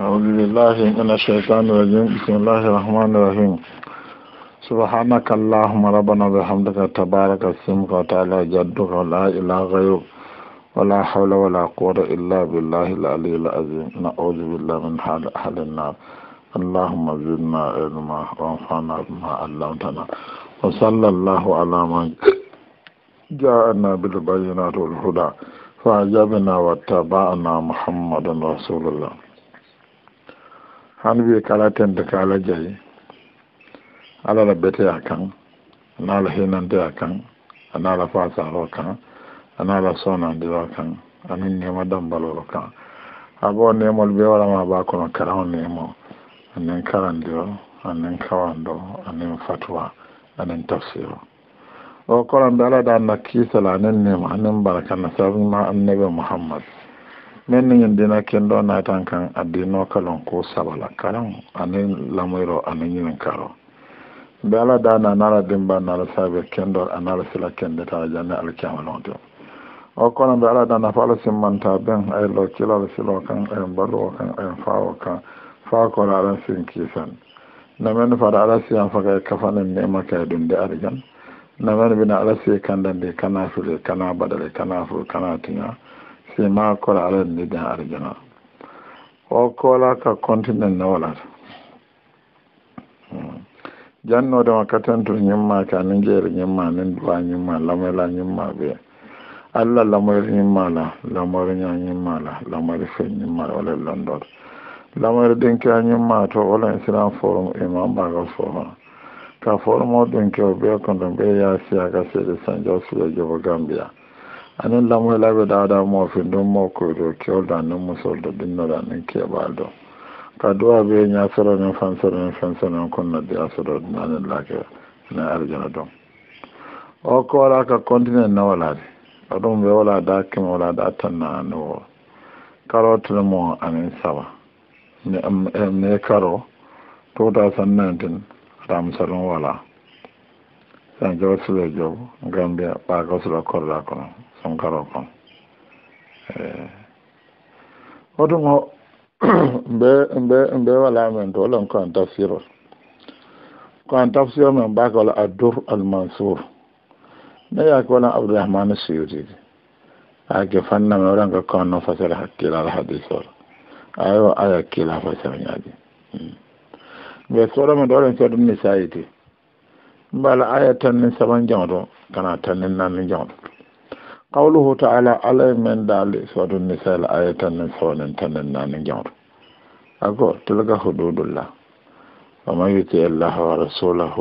أعوذ بالله من الشيطان الرجيم بسم الله الرحمن الرحيم سبحانك اللهم ربنا بحمدك تبارك اسمك وتعالى جدك ولا إله غيرك ولا حول ولا قوة إلا بالله العلي العظيم نعوذ بالله من حال أهل النار اللهم زدنا علما وانفعنا بما علمتنا وصلى الله على من جاءنا بالبينات والهدى فأجبنا واتبعنا محمدا رسول الله han wi kala ten ka ala jayi ala la beteya kan ana hinan hinandeya kan ana la sa ro kan ana ala sonandiro kan anin nema ro kan abo mol be ma ba kono karawo nemo anin karandiro anin kawando anin fatwa ani tafsir o koran da ala da la kiisala ne nema anin baraka na sabu ma annabi muhammad min ni ñindina kinɗo naytan kan a dino kalon ko sabala kalan anin lamuyro ani ñinin karo be ala da nanala dimba nala sabe kendo anala sila kende tara janne alkiyamalon te o kono be ala da nafa ala simmanta ben ay lo kilal silo kan ayen barluwo kan ayen fawo kan faa kono aɗan sin kiisen namen fada ala siyan fakay kafanin nemaka e ɗumde ari gan namen bina ala si kandandi kana fili kana baɗale kana fu kana tiña fima kola ala ni dan arjana o kola ka kontinen na wala hmm. janno da katan to nyimma ka nin jere nyimma nin duwa nyimma lamela nyimma be alla lamar nyimma la lamar nya nyimma la lamar fe nyimma wala london lamar din e ka nyimma to wala islam forum imam ba ga forum ka forum o din ka be kon ya siya ka se de san josu de gambia anin lamu labe da da mo fin don mo ko do kyol da nan musol da din da nan ke ba do ka duwa be nya sara nan fan sara nan fan sara nan kun na da sara nan lake na arjana don o ko wala ka kontinent na wala a adon bai wala da kima wala da tan na no karot le mo anin sawa ne am ne karo 2019 ram salon wala san jawo da jawo gambia ba ga su da korda kuma sankaro kon hoɗum eh, o mbe mbe mbe wala men to olan ko an tafsirol ko an tafsir men mbaka wala addour almansour ne yake walan abdourahmane suyutide ake fanname waɗanka konno fasara hakkila alhadis ola ayo aya kila fasara ñaadi hmm. mbe soɗome ɗo oɗen soɗum ni sayiti mbala aya tan nin saban jawɗo kana tan nin nan ni قوله تعالى على من دال سورة النساء aya tanin soonen tanin naani jawr ako tilka hududullah ومن يطع الله ورسوله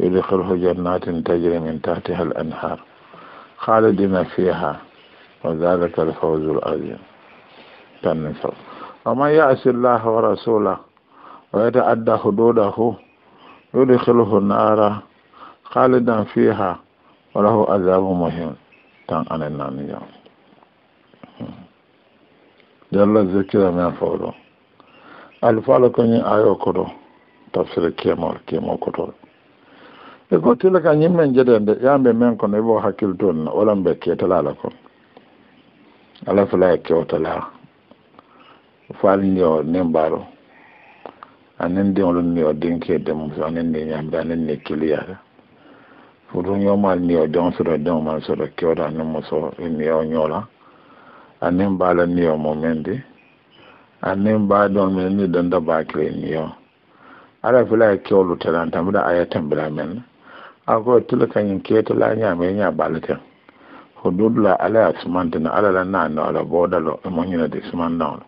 يدخله جنات تجري من تحتها الأنهار خالدين فيها وذلك الفوز العظيم تنفر وما يأس الله ورسوله ويتعدى حدوده يدخله النار خالدا فيها وله عذاب مهم tan ana naani ya yalla zikira men fawɗo ayo koɗo tafsir kemol kemo koto e gottila ka ñimmen ya yamɓe men kono ibo hakkille toon walan ɓe ketalala kon ala fala kewtala falnio nembaro anen ndiŋolon ni o dinkedemo anen ni ñamde anen ni kiliyata fotun yomal ni o don soro don man soro kyora ni muso ni o nyola anin bala ni o momendi anin ba don men ni don da ba kire ni o ala fila e kyolu talanta mu da ayatan bila men ago tulukan yin keto la nya me nya balatan hududla ala ya suma asmanta na ala la na na ala bodalo mo nyina de sumanda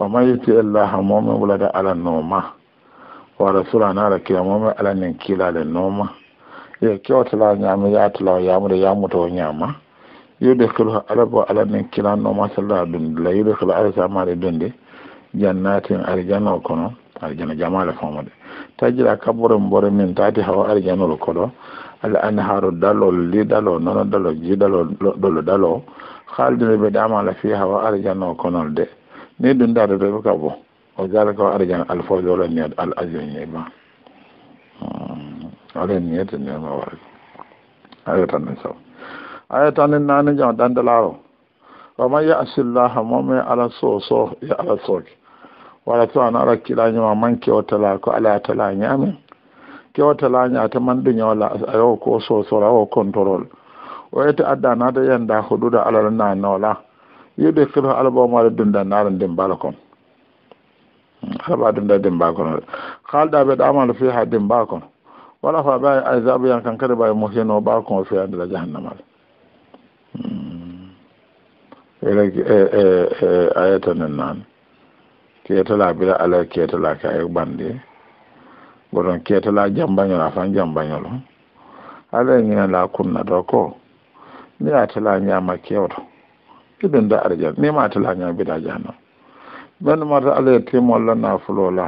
wa ma yi yuti allah mo mo wala da ala noma wa rasulana ala kila mo ala nin kila le noma ya ya yo kewtala ñaami yaatala o yaamude yaamuta o ñaama yudekilo ala bo ala nin kilannooma salla yu da yudekilo ala samaɗe dunde jannatin arjana o kono arjana jamale fomode tajira kabore mbore min taati hawa arjanol koɗo ala ani haaro dalol li dalo nono dalo ji dalo ɗolo dalo haaldire dama la fi hawa arjana o konol de ni ɗum da to ɓe ka bo o dalika o arjana alfojoloni al ajoñi ba hmm. ala niyata nema wari aya tanin sau aya tanin nanin jama dan dalaro wa man ya'si allaha mu'min ala so so ya ala soki wala to ana ara kila ma man ki wata ko ala tala nyame ke wata la nya ta man dunya wala ayo ko so so ra o control o yata adda na da yanda hududa ala na na wala yede kiro alaba ma da dunda na ran ala ba alaba dunda din balakon khalda be da amal fi hadin balakon wala fa ba azabu yan kan kada ba mo no ba ko fi da jahannama hmm. ele e, e e ayata nan nan la bila ala ta la e bande boron ketala jambanyo la fan jambanyo lo ala ni la kunna do ko ni la nya wato idan da arjan ni ma la nya bidaja no ben ta ala mo la na la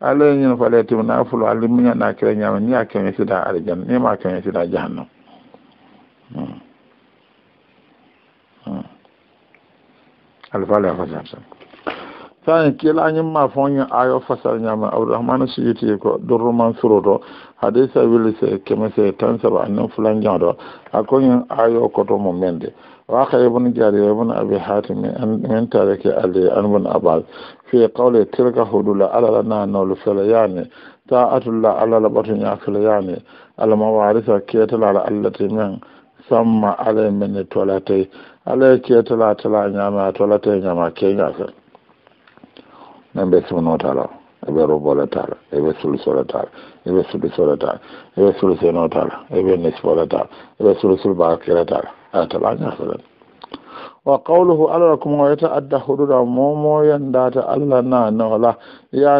ala ye ñin fale tim na fulo ali miña na kira ñama ni a keñe sida arjan ni ma keñe sida jahannam hmm. hmm. alfala fasar sam sani kila ñim ma foñi ayo fasar ñama abdourahmane yi ko durruman suroto hadisa wili se keme se tan saba anin fulan janɗo a koñin ayo koto mo mende wa ka ibn jari ibn abi hatim min tareke ali an ibn abbas fiye fi qawli tilka hudula alala na nolu fela yani ta atulla alala batu ñakela yani alama warisa ketalala allati men samma ala mene tolatay ala ketala tala ñama tolatay ñama keñakel nan ɓe sumnotala eɓe roboletala eɓe sulusoletala eɓe sulusoletala eɓe sulusenotala eɓe nisboletala eɓe sulusul bakiretala atala ñakelen wa qawluhu ala kuma wa yata'adda hududa momo yanda ta Allah na nola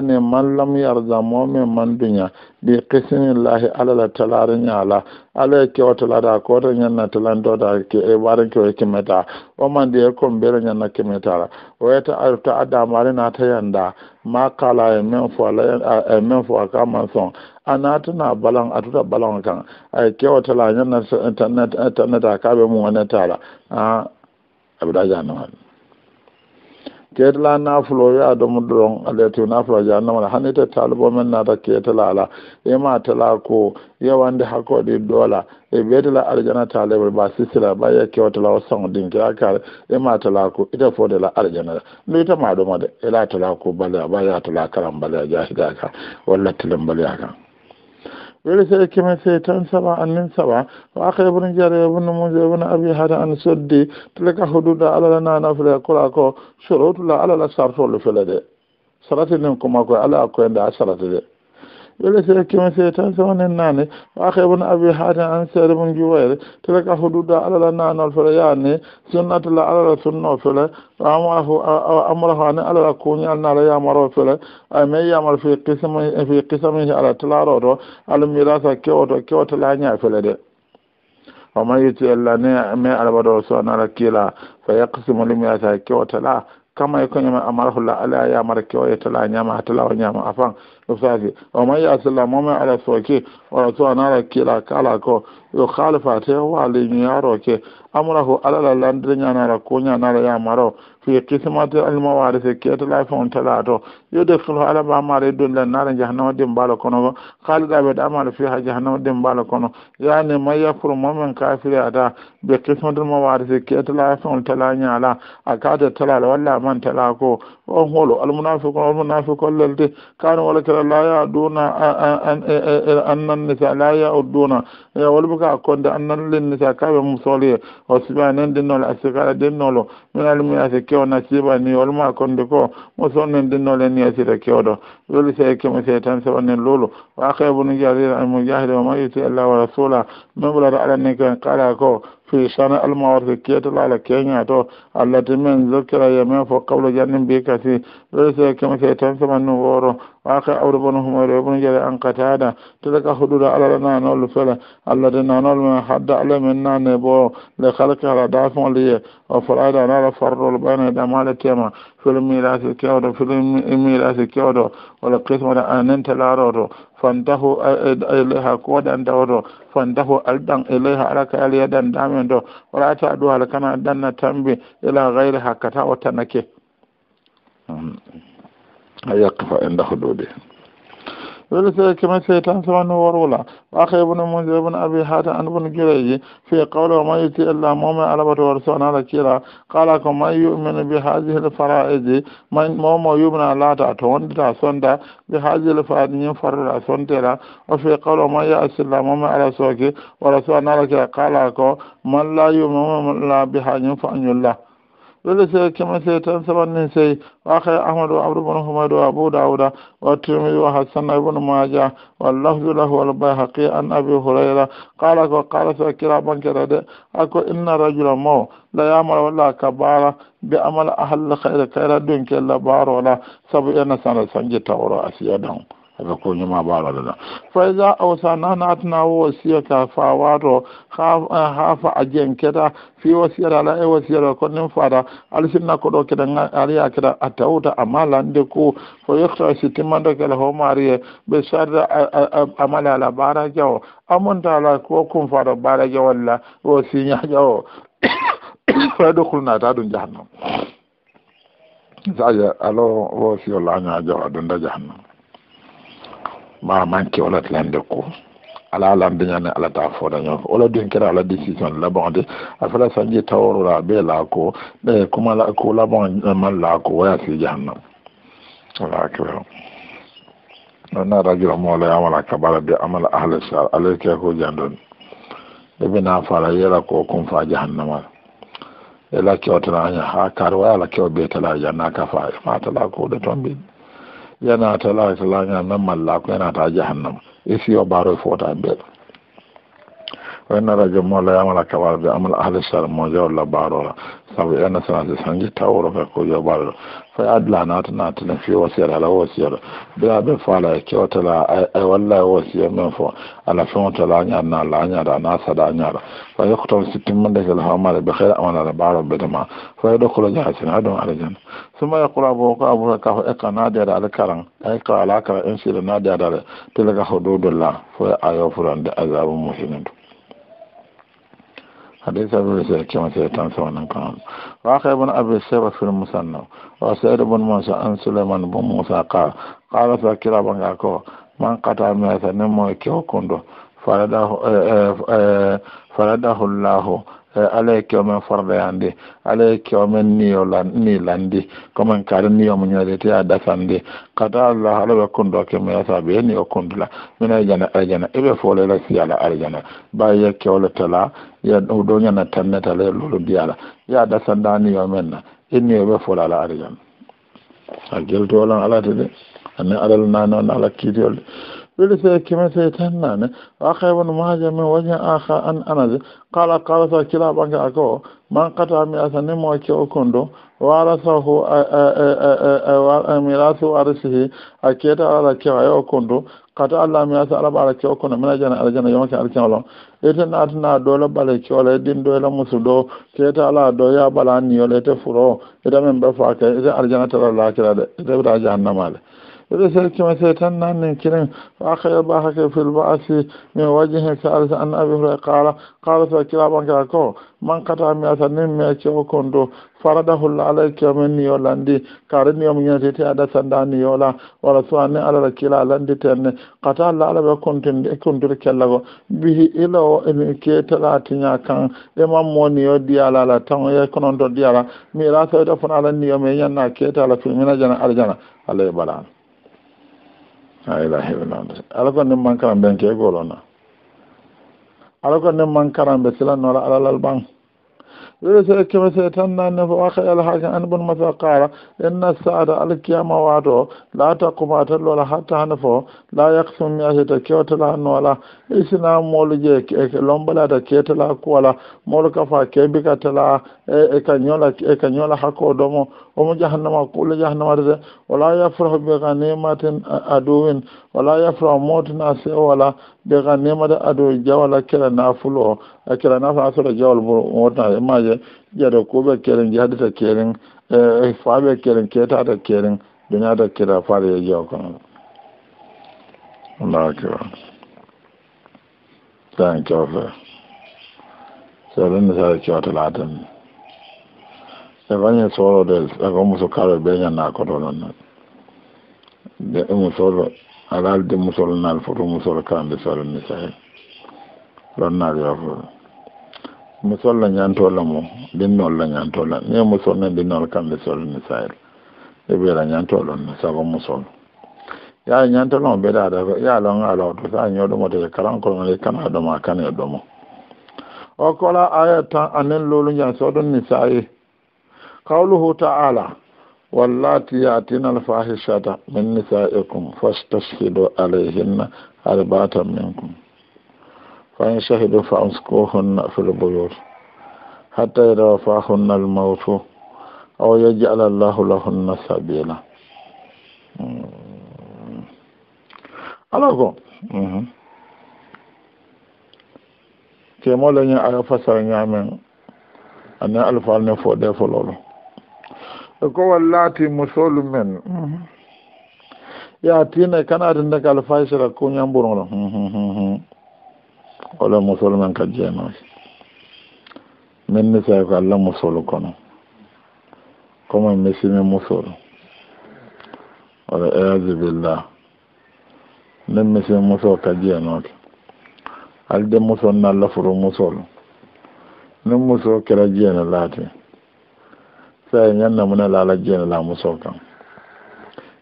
ne man lam yarda momin man dunya bi qismillahi lahi alala talarin yala ala ke wata lada ko ta nyanna talando da ke e barin ke ke meta o man de ko mbere nyanna ke meta wa yata'adda adda marina ta yanda ma kala ya men fo ala ya men fo aka man son ana tana balan a tuta balan kan a kewa la nyanna internet internet aka be mu wani tara aɓeɗa jahannama keetala nafulo ya domo ɗon alatu nafulo jahannama hani te talibo men nata la ala ima tala ko yewande hakkoɗi doola e ɓeetala aljana taleɓe ba sisira ba ye kewtala o sago dinke a kare ima tala ko ita de la aljana de ndu itama ɗuma de ela tala ko baleya ba ya tala karam baleya jahida ka walla tilen baleya kan wani sai kimi sai tan saba annin saba wa aka yi burin jari ya bunni mun zai abin hada an sardi tilaka hudu da alala na na fila kura ko shuru tula alala sarto lufila de sarati nin kuma ko ala akwai da a sarati sai sa kima sa tan sa wane nane wa khaybu na abi hada an sare mun gi waye tala ka hududa ala alala nana al fara yani sunnatu la ala sunna fala wa amahu amra hani ala la kun ya nala ya maro fala ay me ya mar fi qisam fi qisam ala tala rodo al mirasa ke oto ke oto la nya fala de wa man yuti alla ne me ala bado so nala kila fa yaqsimu li mirasa ke oto la kama yakunima amarhu la ala ya mar ke oto la nya ma tala nya a afan sake o man yasilla momin ala soke wala to anara kila kala ko yo khalifa te wali nyaro ke ko ala la n'a nyanara ko na nyanara ya maro fi qismati al mawaris ke to la fon talato yo de khulu ala ba mare dun la nara jahannama dim bala kono khalida be amal fi ha jahannama dim bala kono yani min yakfur momin kafiri ada bi qismati al mawaris ke to la fon talanya ala akata talala walla man ko on holo almunafiqun almunafiqun lelde kano wala kala la yaduna annan nisa la yauduna wala buka konde annan len nisa kaɓe mum sohliye o sibanen dinnole asikala dinnolo min alminase kewna sibani walma konde ko mo sonnen dinnole ni asira kewɗo weli se keme se tan lulu wa wa ma yuti allah wa rasula kala ko في شان المعارف كيتل على كينيا تو التي من ذكر يما فوق قول جن بكثي ليس كما كيتم ثمن نور واخي أور هم همير بن جل أن قتادة تلك حدود على لنا نول فلا الذي نول من حد على منا نبو لخلق على دافع لي وفرعد على فر بين دمال كما في الميراث كيودو في الميراث كيودو ولقسم أن انت لا fandaho ilaiha eh, eh, eh, ko dan dawdo fandaho aldan ilaiha alaka dan damen do do hal kana dan na tambi ila ghairi hakata wata nake hmm. ayakfa inda hududi ولسه كما سيتان سوان ورولا وأخي ابن منذر ابن ابي حاتم عن ابن جريج في قوله وما يتي إلا مؤمن على ورسول على كيرا قالكم من يؤمن بهذه الفرائض من مؤمن يؤمن لا تعتون تعصون بهذه الفرائض ينفر رسول تلا وفي قوله ما يأس إلا مؤمن على سوكي ورسول على كيرا قالكم من لا يؤمن لا بها ينفع الله dole sai kamar sai tan saban ne sai wa kai ahmadu abdu bin humaydu abu dauda wa tirmidhi wa hasan ibn majah wa lahu lahu wal bayhaqi an abi hurayra da wa qala sa kira ban kira de ako inna rajula ma la yamara wala kabara bi amal ahli khair kaira dun kella barola sabu yana sana sanje tawra asiya dan aka ko ba baalo dada fa ida awsa nana atna wo k'a fa wato hafa a jen keta fi wasiyata ala e wasiyata ko nin fata alsinna ko ɗo keɗa aliya keɗa a tawta amma lande ko fo yekta sittimmanto kela ho mariye ɓe sarda amala ala bara jawo amontala ko kum fata bara jawalla o fa ɗokulnata ɗum jahannam saje alo wo siyo laña jawa da jahannam ma manqué wala lande ko ala lande ñande ala ta fodaño ko wala ɗin kera ala décision labon de a fala sanji tawrora ɓe laako ɓe comme la ko labon man laako waya si jahannam ala kiro ona radio moola amala kabala de amala ahla sar ala ke ko jandon ɓeɓena fala yela ko kum fa jahannamal ela kewtanaña ha kar waya ala kew ɓe tala janna ka fa e ma tala ko ɗe toon ɓin yana ta la ta nan yana ta jahannam isi yo baro fota be o en radio mola yamala kawarde amal ahli sar mo jawla barola saabu ena da sanji tawro ka ko yoɓaɗo fay adla naata naatene fi wasiyata ala wasiyaɗo bira ɓe faala e la ai walla e wasiya men fo ala fewtala añaɗa na la añaɗa ana saɗa añaɗa fay hokton si timmande kel hawmade ɓe xeere amanala ɓaaro ɓetema fay ɗokkolo jasine ha ɗum aljana suma yaqura bo ko abuka ka ho ekka naadiyade ala karan ay ka ala kara insida naadiyade ale tele ka ho dow dolla fo ayo fulande azabu muhinatu حديث أبي سعيد كما سيتم سوانا كان وأخي ابن أبي سيرة في المسنة وسعيد بن موسى أن سليمان بن موسى قال قال فكرة بن يعقوب من قطع مئة نمو كيو كندو فرده, فرده الله Eh, ala ye kewo men fordeyande ala ye kewo men niyo ni landi commen kaari niyo mo ñoode te a dasandi kata allah ala ɓe kundo kemo yasa ɓe niyo kundula min aljana aljana e eɓe e folera siyala aljana ba ye kewle tela ye ɗo ñana tannetala ye lolu diyala ya dasanda niyo men na e niyo ɓe folala aljana a geltolan alate de anne alal nanon ala kiitiolle للسيد كما سيتنان وأخي ابن مهاجر من وجه آخر أن أنز قال قال سكلا بانك أكو من قطع مئة نمو أكيو كندو وارثه ميراث وارثه أكيد على كيو كندو قطع الله مئة أربعة على كيو كندو من أجانا على جانا يومك على كيو لهم إذن أتنا دولة بالي كيو لدين دولة مسودو كيتا على دويا بلانيو لتفرو إذا من بفاك إذا أرجانا ترى الله كلا إذا بتاع جهنم عليه da sarki masaitan nan ne kirin aka yaba haka fil ba'asi ne wajen haka arzi an abin rai kara kara sa kira ban ka ko man kata mi a sannin mi a ce o kondo fara da hula min ni yola ndi kare ni yom yana tete ada sanda ni yola wala suwa ni ala da kila ala ndi tenne kata ala ala ba kontin di kundir kella go bihi ila wa ili ke tala tinya kan ima mo ni yo di ala ala tang ya konon do di ala mi ila sa yota funa ala ni yom yana na ke tala fi mina jana ala jana ala yabala ala la ilaha illallah ala ko nim man karam ke golona ala ko man karam be sila no ala al bang zai sai kima sai tan na nufi wa ka yala hakan an bin masa kara in na sa da alkiyama wato la ta kuma ta lola har ta hannufa la ya kasu mi a ta kewa ta hannu wala isi na molu je lombala da ke ta kuwala molu kafa ke bi ka ta la e ka nyola hako domo o mu jahannama kula jahannama da zai wala ya furu bi ka nema tin aduwin wala yafra motina se wala de ka nemata ado jawala kela nafulo a kela nafulo a sota jawal boro motina maje jada koɓe kelen jahadita kelen eh, faɓe kelen ketata kelen duñata kela faade ye jaw kanala allahu akbar tan cowfe soɗonne sara cowtalatanni e wañi soorode ako muso kaɓe ɓe ñanna nan da umu sooro alaalde musol naal foto musol kande sala nisaye lonnaal yafo musol la ñantola mo ɗinnol la ñantola ne musol ne ɗinnol kande sol nisayel e ɓeera ñantolon ne sago musol yaa ñantolon ɓeɗa aɗa yaalon alawto sa ñoɗomote kalankoɗe kana ɗoma kane ɗomo o kola aya tan anen lolu jan soɗon nisaye kawluhu taala wallati yatina alfahishata min nisaikum fastashhidu alayhinna arbatan minkum fa in shahidu fa amsikuhunna fil buyut hatta idha wafahunna ko ke mo le nya ara fasara ana alfa ne fo de fo ko wallati musolumen mhm. ya tine kana tin daga alfaishira ko nyamburono mhm, mhm, wala musolumen ka jeno min nisa sai ko alla musolu kono komo misime musolu wala a'udhu billah nin misime muso ka al de muso na lafuru musolu nin muso kira jeno lati sai ñanna mune lala jeene la musol kan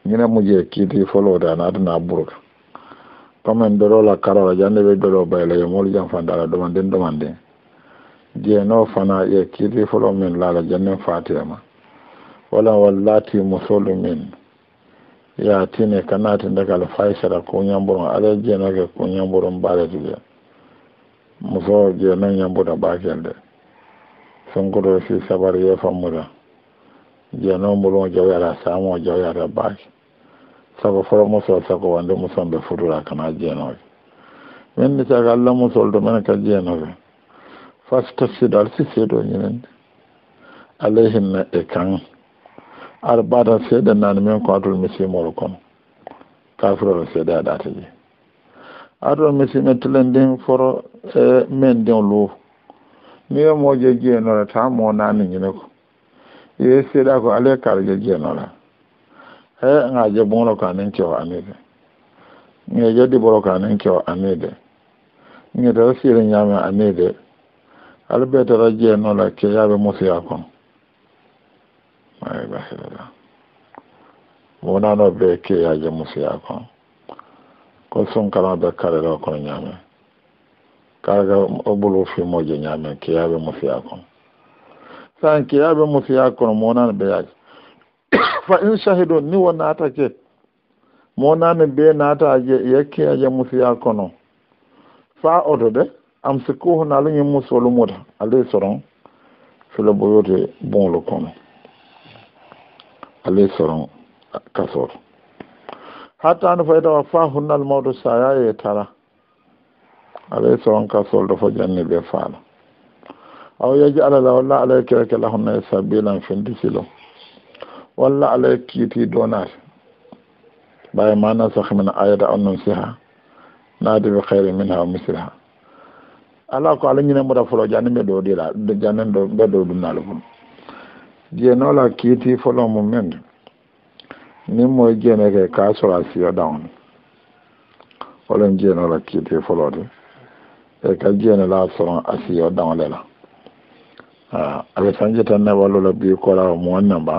ñine muje da folode ana adana buruka commen dorola karola jande ɓe doro bayla yo molu jam fandala domanden je no fana ye kiiti folo min lala jannen fatiyama wala wallati musolu min yatine kanati ndegal faysara ko da ala jeenoke ko ñamboron mbaaletude muso jeeno ba ɓakel sun sonkoto si sabar ya fammuda jeno mbulon jawara samo jawara baki sabu foro musol sako wande muson furu la kana jeenoɓe min ni caga allah musol ɗo mene ka jeenoɓe fastafsido al siseeɗo ñinande alayhinna e kan ar sai da nani min ko atul misimol kono kafirol seeɗa aɗata je atol misime tulen ndin foro men ndin luu ni yo moje jeenore ta mo nani ñine ko ye seeda ko ala karje jenola he ŋaje buŋro ka nin kewo amide ŋeje diboro ka nin kewo amide ŋetara siiri ñaame amide ala be tara jenola ke yaabe musiya kon ay basirala wonano be ke yaaje musiya kon ko sunkarama be karela kono ñaame karaga o ɓolo fimoje ñaame ke yaabe musiya kon tankiyaɓe mo fiya kono monani ɓeyaki fa in sahido ni wo natake monani be nata je yakkeje mo fiya kono fa oto de am sikuhu naluñi musolumuta alay soron fila boyote bonlo kono alay soron kasoto hattani faytawa fa hunnal mawdo sayaye tara alay soron kasol dofa janni ɓe faala aw yajala la walla ala kiraka lahunna sabilan fendi silo walla ala kiiti donat ɓaye mana sah min ayata onnon siha naade ɓe hayre min ha misira ala ko ala ñine mbota folo janni ɓe ɗo ɗira janni ɓe ɗo ɗumnalo fum jeenola kiiti folo mum men nin moye jeeneke ka sora siyo ɗawon holon jeenola kiiti folode e ka jeene la soron a siyo ɗawle la a ah, bɛ sanji ta ne la bi kora eh, o mo wonne mba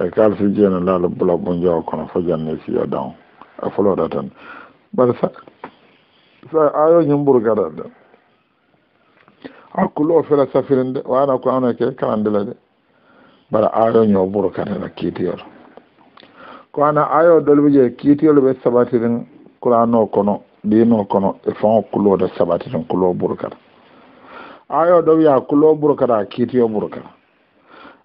e kalfi jeeni laalo bula bunjowo kɔnɔ fo ne siya down a fɔlɔ fuloɗa tan bari sa sa a y'o ɲin buruka da ɓurgata de hakkulle o safirin safirinde o ana ko an kɛ kalan de la bari a y'o ɲin buruka da la kiiti yɔrɔ ko a na ana ayo dolɓe je kiitiyol ɓe sabatirin kurano kono ɗino kono e fon kulode sabatirin kulo buruka da ayo dow yakulo burkata a kiitiyo burka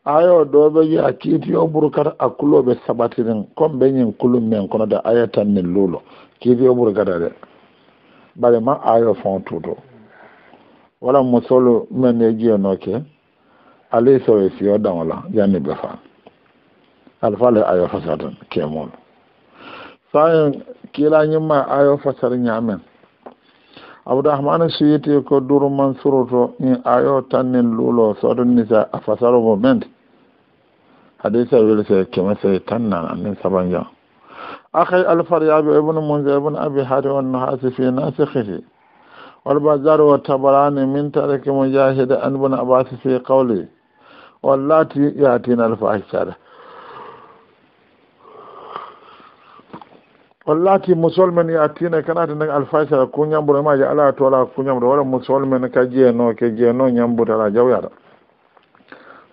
ayo doɓe yi a y'o burkata a be saɓatirin kon be nyin kulum men kono de aya tan nin luulo kiitiyo burkata de bare ma ayo fon tuto wala musolu men e jiyanoke alay sowe siyo daŋola yan'i ɓe fa le ayo fasatan kemol sayen kila nyuma ayo fasar nyamen abdurahman suyiti ko duruman suroto in ayo tannin lulo sodon nisa a fasaro moment hadisa wili sai kema sai tannan annin saban ya akai alfarya bi ibn munzir ibn abi hadi wa nahasi fi nasikhihi wal bazar wa tabarani min tarik mujahid an ibn abbas fi qawli wallati yatina al fahishah tina musolmen yattina kanati nag alfaysara ku ñambuɗo ma je ala toola ku ñambuɗo waɗa musolmen ka jeeno ke jeeno ñambude ala jawyata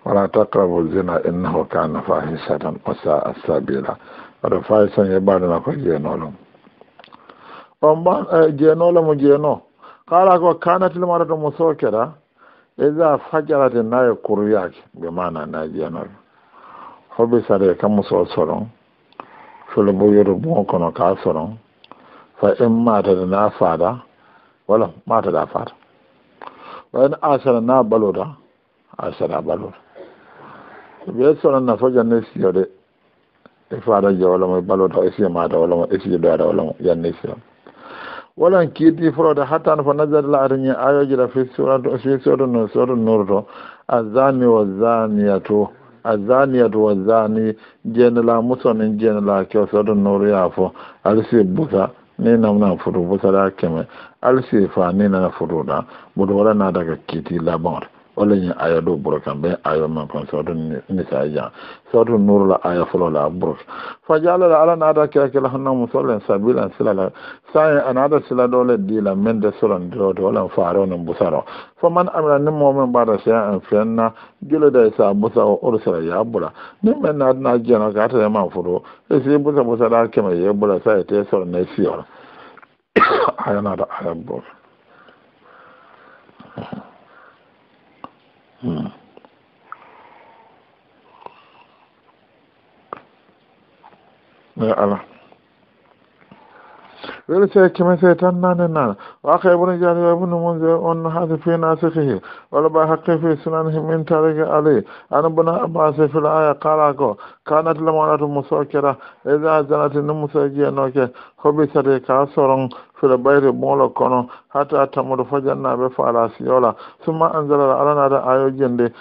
wala taqrabu zina innahu kana fahisatan wa saa sabila waɗa fahisan ye mbaɗona ko jeenolom on mba jeenolomo eh, jeeno kala ko kanatil marata mo sokera ida fajarate naye kuryake ɓe mana naye jeenoɓe hoɓe sare kam mo solobo yoro bon kono k'a sɔrɔ fa in mata da n'a fada wala mata da fada Wani in asara n'a balo da asara balo da bɛ na nafa jan ne siyɔ dɛ e fada jɛ wala ma balo da e siyɛ mata wala ma e siyɛ dɔ da wala ma jan ne siyɔ walan kiti froda hatta fa nazar la arin ayo jira fi suratu fi suratu nur suratu nur to azani wa zaniyatu azaniyatu wazani jenela musonin jenela kyosodun nuru ya fo alisi busa ni namna fudu busa da keme alisi fa ni nana furu da budu wala na daga kiti labar wala ñin aya do buro kam ɓe aya man kon sawtu nisa jan sawtu nurla aya folola buro fa jalala ala n'a naata kirakila hanna musollen sila la. saye a naata sila di la, min de solandirode walan faaro nin busaro fo man amina nin momin mbaɗa seya en fenna juloda sa busa o orsira ya bula nin men naatana jeno ka ta man futo e si busa da keme ye bula sa e te sorne siyora aya naata aya buro Mm-hmm. ya ala wele se keme se tan nane nana waka ibnu jari wa ibnu munzir on hadi fi nasikihi wala ba haqqi fi sunanihi min tariki ali an ibnu abbas fi al-aya qala ko kanat lamanatu musakira idha zanat an-numusajiya noke hobisate ka soron fere molo kono hata tamuɗo fajannaɓe faala siyola da anzalala da ayo jende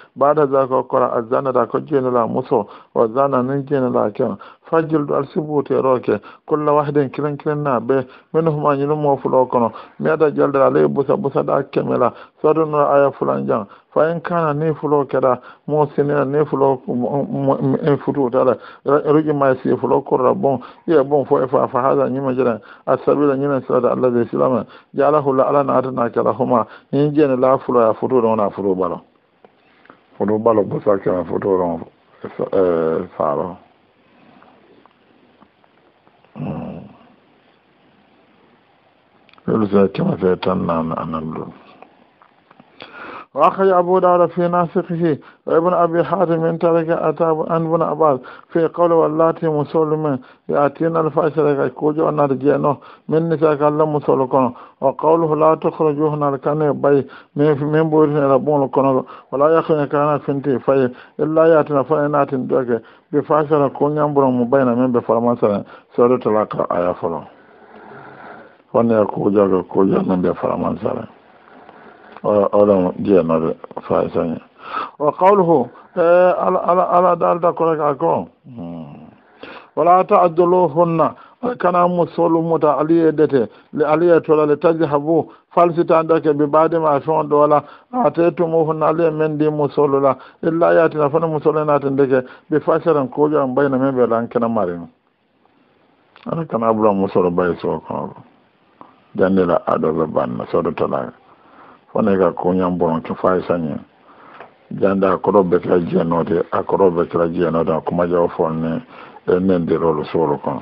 za ka kora a da ko jenila muso wa zana nin jenila kyan fajjildu alsibuuteroke kulla wahden kiren na be min huma ñinum mo fulo kono mi ada jalde alay e busa busa busaɗa kemela sodunora aya fulan jan fa in kana ni fulo keɗa mo sinina ni fulo in e ruji ma si e fulo kurra bon iye bon fo e fa fa haga ñima jeren asabila ñinen silata allahde silama jala hulla ala na atana kala huma ñin jeni la futu futuɗo na futu balo futu balo busa kema don faro الزاكرة فيتنام أنا اللون وأخرج أبو داود في ناسخه وابن أبي حاتم من ترك أتاب أن بن أباد في قول واللاتي مسلم يأتينا لك كوجو نرجينه من نساء كلا مسلكون وقوله لا تخرجوهن الكن بي من من بورهن ربون لكون ولا يخرج كان فنتي في إلا يأتنا فإنات دوك بفاشرة كون ينبرون مبين من بفرمان سورة الأقرأ آية فلو wonne kuujaga kuuja nan fara mbiya faraman sara oɗon jeenore fay sañe wa qawluhu ala dalda koreka ko wala taaduluhunna kana musolu muta aliye dete li aliye tola li tajhabu falsitande ke bi badima fɛn dɔ la a tumu atetumuhunna aliye min di musolu la illa yatina fana musolu tɛ ke bi fasaran kuujo an bayna men ɓe lan kena marino ana kana ɓuran musolu bayi soo kono ɗo jandira adobe banna sodo talaga fone ka kuñam bonon ke fay sañi jande a koro be kira jeenoote a koro be nɔ de a kuma jawo fonne e nendirolu soolu kɔnɔ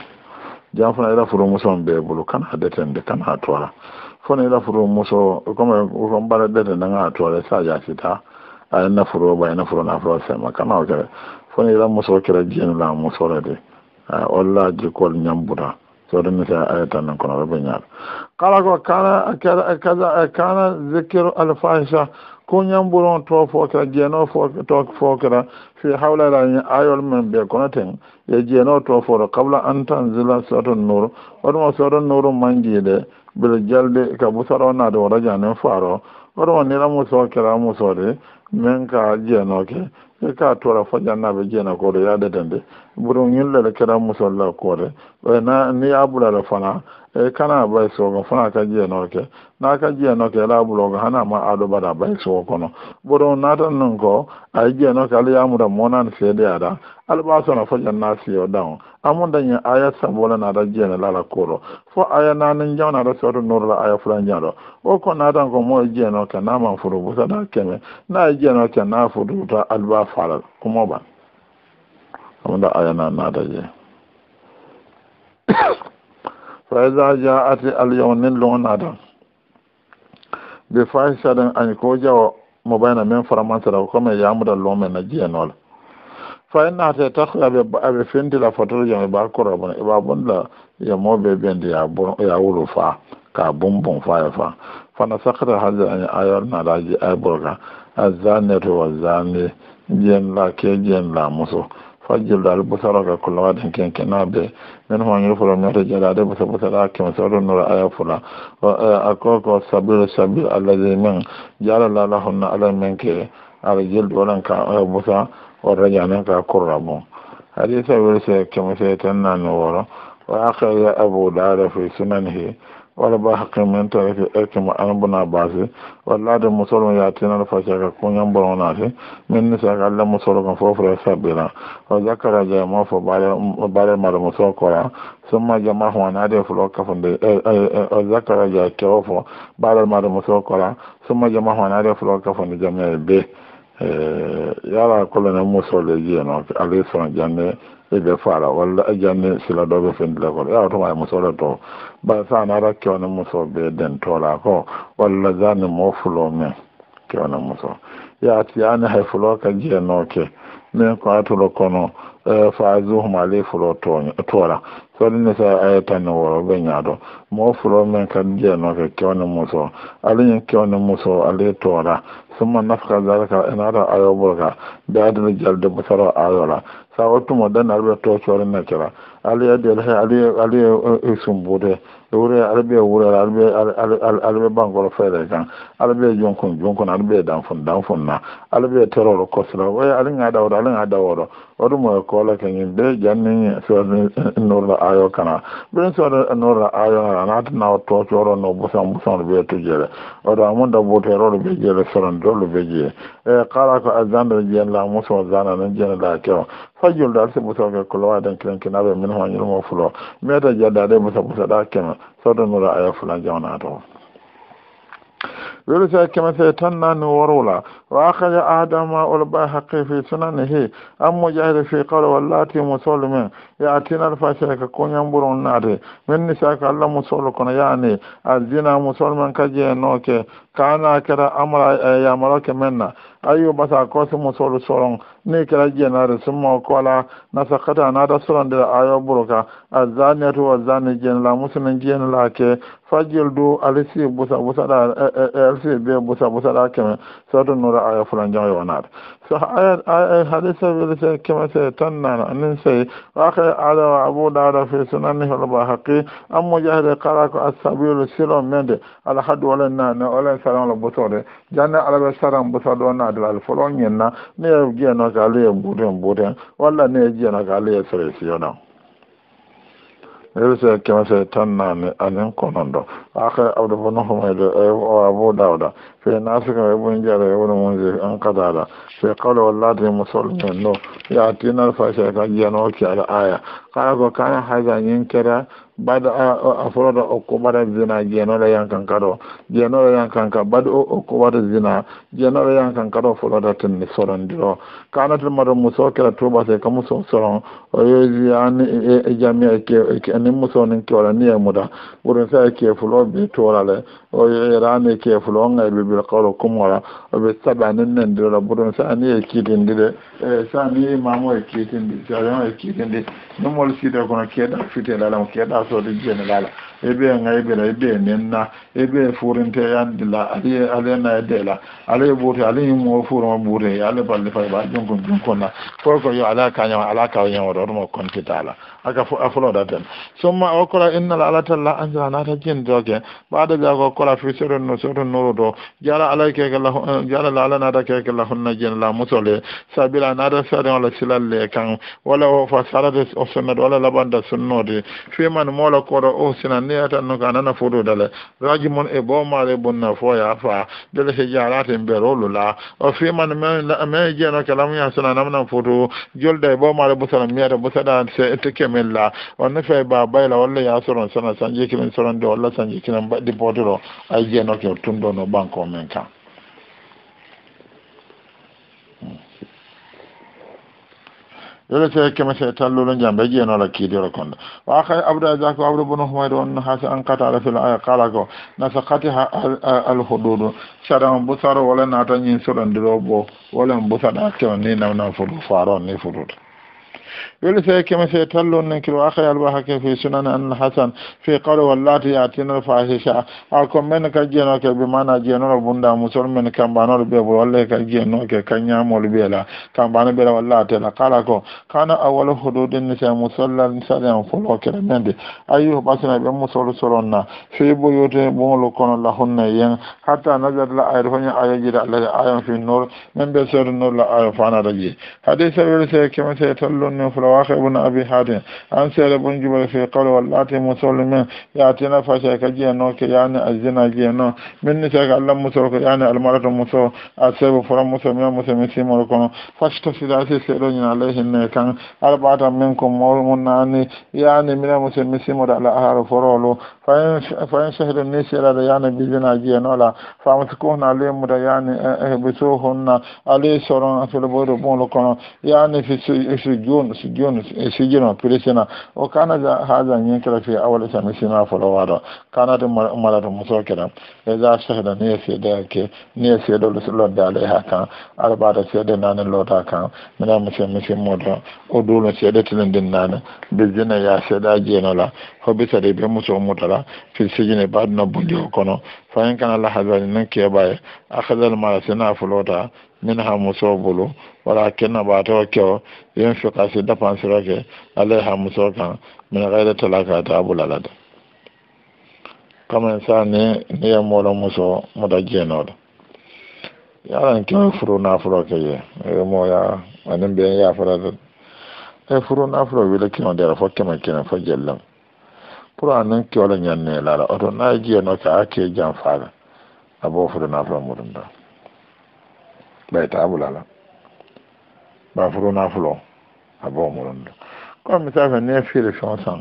jan fana ila furu bɛ be bulu kana detende kana twala fone ila furu muso comme ko mbara detende nga twala sa yakita a na furu ba ina furu na furu sema kana o kere fone ila muso kira jeenu la muso de a olla jikol nyambura سورة النساء آية نكون رب نيار قال وكان كذا كان ذكر الفاحشة كون ينبرون تو فوكرا جينو فوك فوكرا في حول آيول من بيكونتين يجينو تو فوكرا قبل أن تنزل سورة النور ورما سورة النور من جيدة بالجلد كبسرونا دو رجان فارو ورما نيرا موسو كرا موسو من كا جينو كي ka tora fajan na be jena ko da ya da dande burum ñille le kira musol la koore eh, na ni bula bulale fana e kana bay soogo fana ka jeenoo ke na ka jeenoo ke la bulogo hana ma aɗo baɗa bay soo kono burum natan nun ko a ay jeenoo ke ala yamura monan seede aɗa ala ɓa sona fo janna siyo ɗan amun dañi aya sambola naata la lala kooro fo aya naani jaw naata soto nurla aya fulan jaɗo o ko naatan ko mo e jeenoo ke naman furu busata keme na e furu ke na furuta alba falal kumoɓan wanda a yana na daje faiza ya ati alyawannin luna da bai fahimta don an yi koge wa mabayana min faramanta da kuma ya mu da lomai na gnl fahimta na ta ta kula a bai finti da fatar jami ba kura bane ba bun da ya mo bai bin da ya wuru fa ka bumbum ya fa fana sakata hajjar an yi ayar na daji aiburga a zane to wa zane gnl ke gnl musu fajjirde albusaraka kulla waɗen kenkenade min ho ñil fulo ñoto jaɗade busa busara hakkima soɗo nura aya fula eh, ko ko sabir sabir alladi min jalala lahunna alay men ke ala jilɗi waɗen ka eh, busa o rajanen ka kurra bon hadisa wirse kemi seytennani woro wa akhaya abu dada fi sunanihi wala ba hakkimin tare ke ɗauki ma'an buna ba su wala da musulun ya tina da fashe ka kunyan barona ce min nisa ka allah musulun kan fofura sabira wa zakara jama fo bare mara musul kora sun ma jama kuma na da fulo kafin da wa zakara ja ke fo bare mara musul kora sun ma jama kuma na da fulo kafin da jami'a be yala kolo na muso le ji no ale sɔn janne e bɛ fara wala janne sila dɔ bɛ fɛn dilan kɔrɔ yala o tuma a ye bara sanara kewne muso be den tola ko walla zani mo fulo ke kewne muso yaati ani hay fulo ka jeyanoke min ko atulo kono e, ma ale fulo tola sodini sa aya tanni woro nya ñaaɗo mo fulo men kan ke kewne muso ke kewne muso ale tola summa nafka zalika e ayo ayoɓol ka ɓe adana jalde ayo ayola sa wattuma dan alɓe to na kira aliya del he aliya wure albe wure albe albe bangoro fere kan albe jonkon jonkon albe danfon danfon na albe terror kosra way alin ada woro alin ada woro odu mo e ko la kan yin be janni so norla ayo kana be so norla ayo na at na to choro no busan busan be to jere odu amunda bo terror be jere soron dolu be je e qara ko azan da jiyan la muso zana nan jiyan da kyau fajul da su busa ga kulawa dan kiran kina be min hanyar mo fulo me ta jada da soɗonora aya fula jamana to weru sa keme se tan nani la. وأخرج أحدهما حقي في سننه أم مجاهد في قول واللاتي مسلم يأتينا الفاشل كون ينبر النار من نساك الله مسلكنا يعني الزنا مسلم كجي نوكي كان كرا أمر يامرك منا أيو بس أكوس مسلم سلم ni kira jenare summa kola na sakata na da suran da ayo buruka azaniya to azani jen la musulun jen la ke fajil do alisi busa busa da alisi be busa busa da aya fulan jang yo yonat so aya aya hadisa wala kama sa tanna anin wa akha ala wa abu dawud fi sunanihi wal bahaqi am mujahid qala ko as silam sirr mende ala hadd wala na na wala salam wala botode janna ala be salam botodo na dal al fulon yenna ne je na gale buden buden wala ne je no gale sere siona yerse kemese tan nane anen konon ɗo aka abdo bono humayde o abu dawda fiye na suka yi bunjiya da yawon munje an kada da fiye kawai wallahi musulmin no ya tinar fashe ka jiya na wakil al'aya kawai ko kana haja yin kira ba da a fura da okuma da zina jiyano da yankan karo jiyano da yankan ka ba da okuma da zina jiyano da yankan karo fura da tun ne sauran diro kana tun mara muso kira tuba ka muso sauran o yi ziya ni e, e jami'a ke ni muso ni kewara ni ya muda wurin sai ke fulo bi tora le o yi rani ke fulo ngai bi bil qawli kum wala be sabanin nan dira budon sa ani e kitin de sa ni mamo e kitin de sa ni e kitin de no mol si da kono keda fite la lam keda so de jene la la e be ngai bɛ la be nenna e be furinte yandi la ali ali na de la ali bute ali mo furu mo bute ali balle fa ba jonkon jonkon na ko ko yo ala kanya ala ka yo ro mo kontita la aka fu afloɗaten summa o kola innal alatalla anjala nata ta jin ɓiyako kola fi serin no serin nuru to jala alay keke la eh, jala la ala nata keke la na jin la musole sabila nata serin wala silalle kan wala o fa sarade o sunnat wala labanda sunnode fiman moola koɗo o sina niyatan no na nana fududale raji mon e bomare bonna ya fa bele se jaraten la o man me jeeno ke ya sina namnan fotu jolde e bomare busana miyata busaɗa se teke min la wonni fe ba bayla wala ya suron sana sanje kilen suron de walla sanje kilen baɗɗi botoro ay jeno ke tundo no banko men kan hmm. yole se keme se tallulo jambe jeenola kiidiro kondo wa za abdourazak o bunu bono humayde on haasi an katala fil aya kala ko nasa katiha alhududu saɗan busaro wala na naata ñin soɗondiro bo wala busaɗa kew ni namnan fudu faron ni fuduta weli fe keme fe tallon nen kilo aka yalba hake fi sunan an hasan fi qawli wallati yatinal fahisha a ko men ka jeno ke be mana jeno bunda musol men kambano be bo walle ka jeno ke kanya mol be la kambano be la wallati la kala ko kana awal hududin nisa musallan sadan fulo kere mende ayu basina be musol solonna fi buyute bolo kono la hunna yen hatta nazar la ayr fanya ayajira la ayan fi nur men be sor nur la ayfana daji hadisa weli fe keme fe tallon مسلم في الواقع بن أبي حاتم عن سهل بن جبل في قول والآتي مسلم يأتينا فشاك جينوك يعني الزنا جينو من نساك الله مسلوك يعني المرأة مسلو أسيب فرم مسلم يا مسلم سيما لكم فاشتسل أسي سيروني عليه النيكان أربعة منكم مولمون يعني يعني من مسلم سيما على أهار فرولو فإن فإن شهر النساء لا يعني بزنا جينو لا فامسكوهن عليهم يعني اهبسوهن عليه سرون في البور بون لكم يعني في سجون sujjoon sujjoon pirisina o kana haja ñin kela fi awal sami sima folo za kanate da muso kela eja da ni ye seede ke ni ye seedol lodde alayha kan da seede nane loota kan mina misi misi moto o da seede din nane da zina ya da seeda jeenola hobisade be muso mutala fi sijine baɗno bundio kono fayin kana lahadani nin keɓaye akadal mara sina fulota min ha musow bolo wala kenna baatɔ kɛ o yen fi ka se dapansira kɛ ala ha muso kan min ka yɛrɛ tala k'a taa bolo la dɛ kama sa ne ne ye mɔlɔ muso muda jɛn nɔ la yala n kɛ hmm. furu nafolo kɛ ye e mɔ ya ani bɛn y'a fara dɛ e furu na wele kɛmɛ dɛrɛ fɔ kɛmɛ kɛmɛ fɔ jɛlɛm pour anin kɛ o la ɲɛ ne la o don n'a ye jɛn nɔ kɛ a kɛ janfa la a b'o furu nafolo mun da. ɓay ta bulala ba furu na fulo a bo murundo comme mi tafe ne fiire feŋo saŋ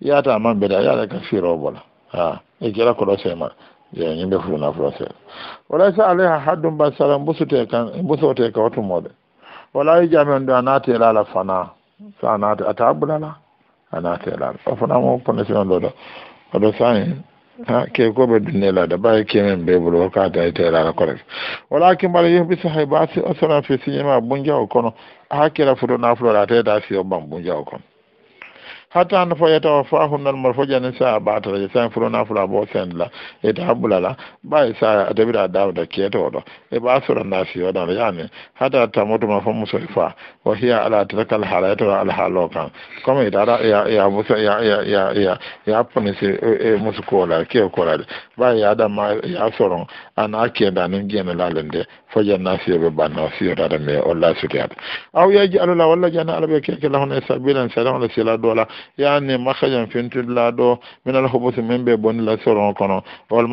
yata man y'a yata ka fiiro bola a e kira koɗo sema ñimɓe furu na fulo seeɗa wala sa alayha haddum ban sara busute kan busote ka wattumode wala yi jami on ɗo a naati elala fana so a naati a ta bulala a naati elala o fana mo pondation ɗo ɗo oɗo sañi ha ke ko ɓe dunnela da ɓawi kemen ɓe ɓolo o ka da ite iterara correct walakin mbaɗa yoɓi sahay basi o soran fi siñema bunja o kono hakkila foto nafulora ateda fi o ɓan bunja o kono hata an fo yata fa hunnal mar fo jani sa batara je san furo na fula bo sen la e ta bulala ba e sa da dawda keto do e ba na sura ya wada yani ta mutu ma fo muso e fa wa hiya ala tilkal halato al halokan kama ita da ya ya muso ya ya ya ya ya puni se e, e muso kola ke kola ba ya da ma ya soron ana ke da nin gena lalande fo janna ba na banna fi da me o la su ta aw ya ji alula walla jana alabe ke ke lahon sabilan salam la sila la. yani makajan fintilla ɗo minal hubusi min ɓe bonila soron kono wal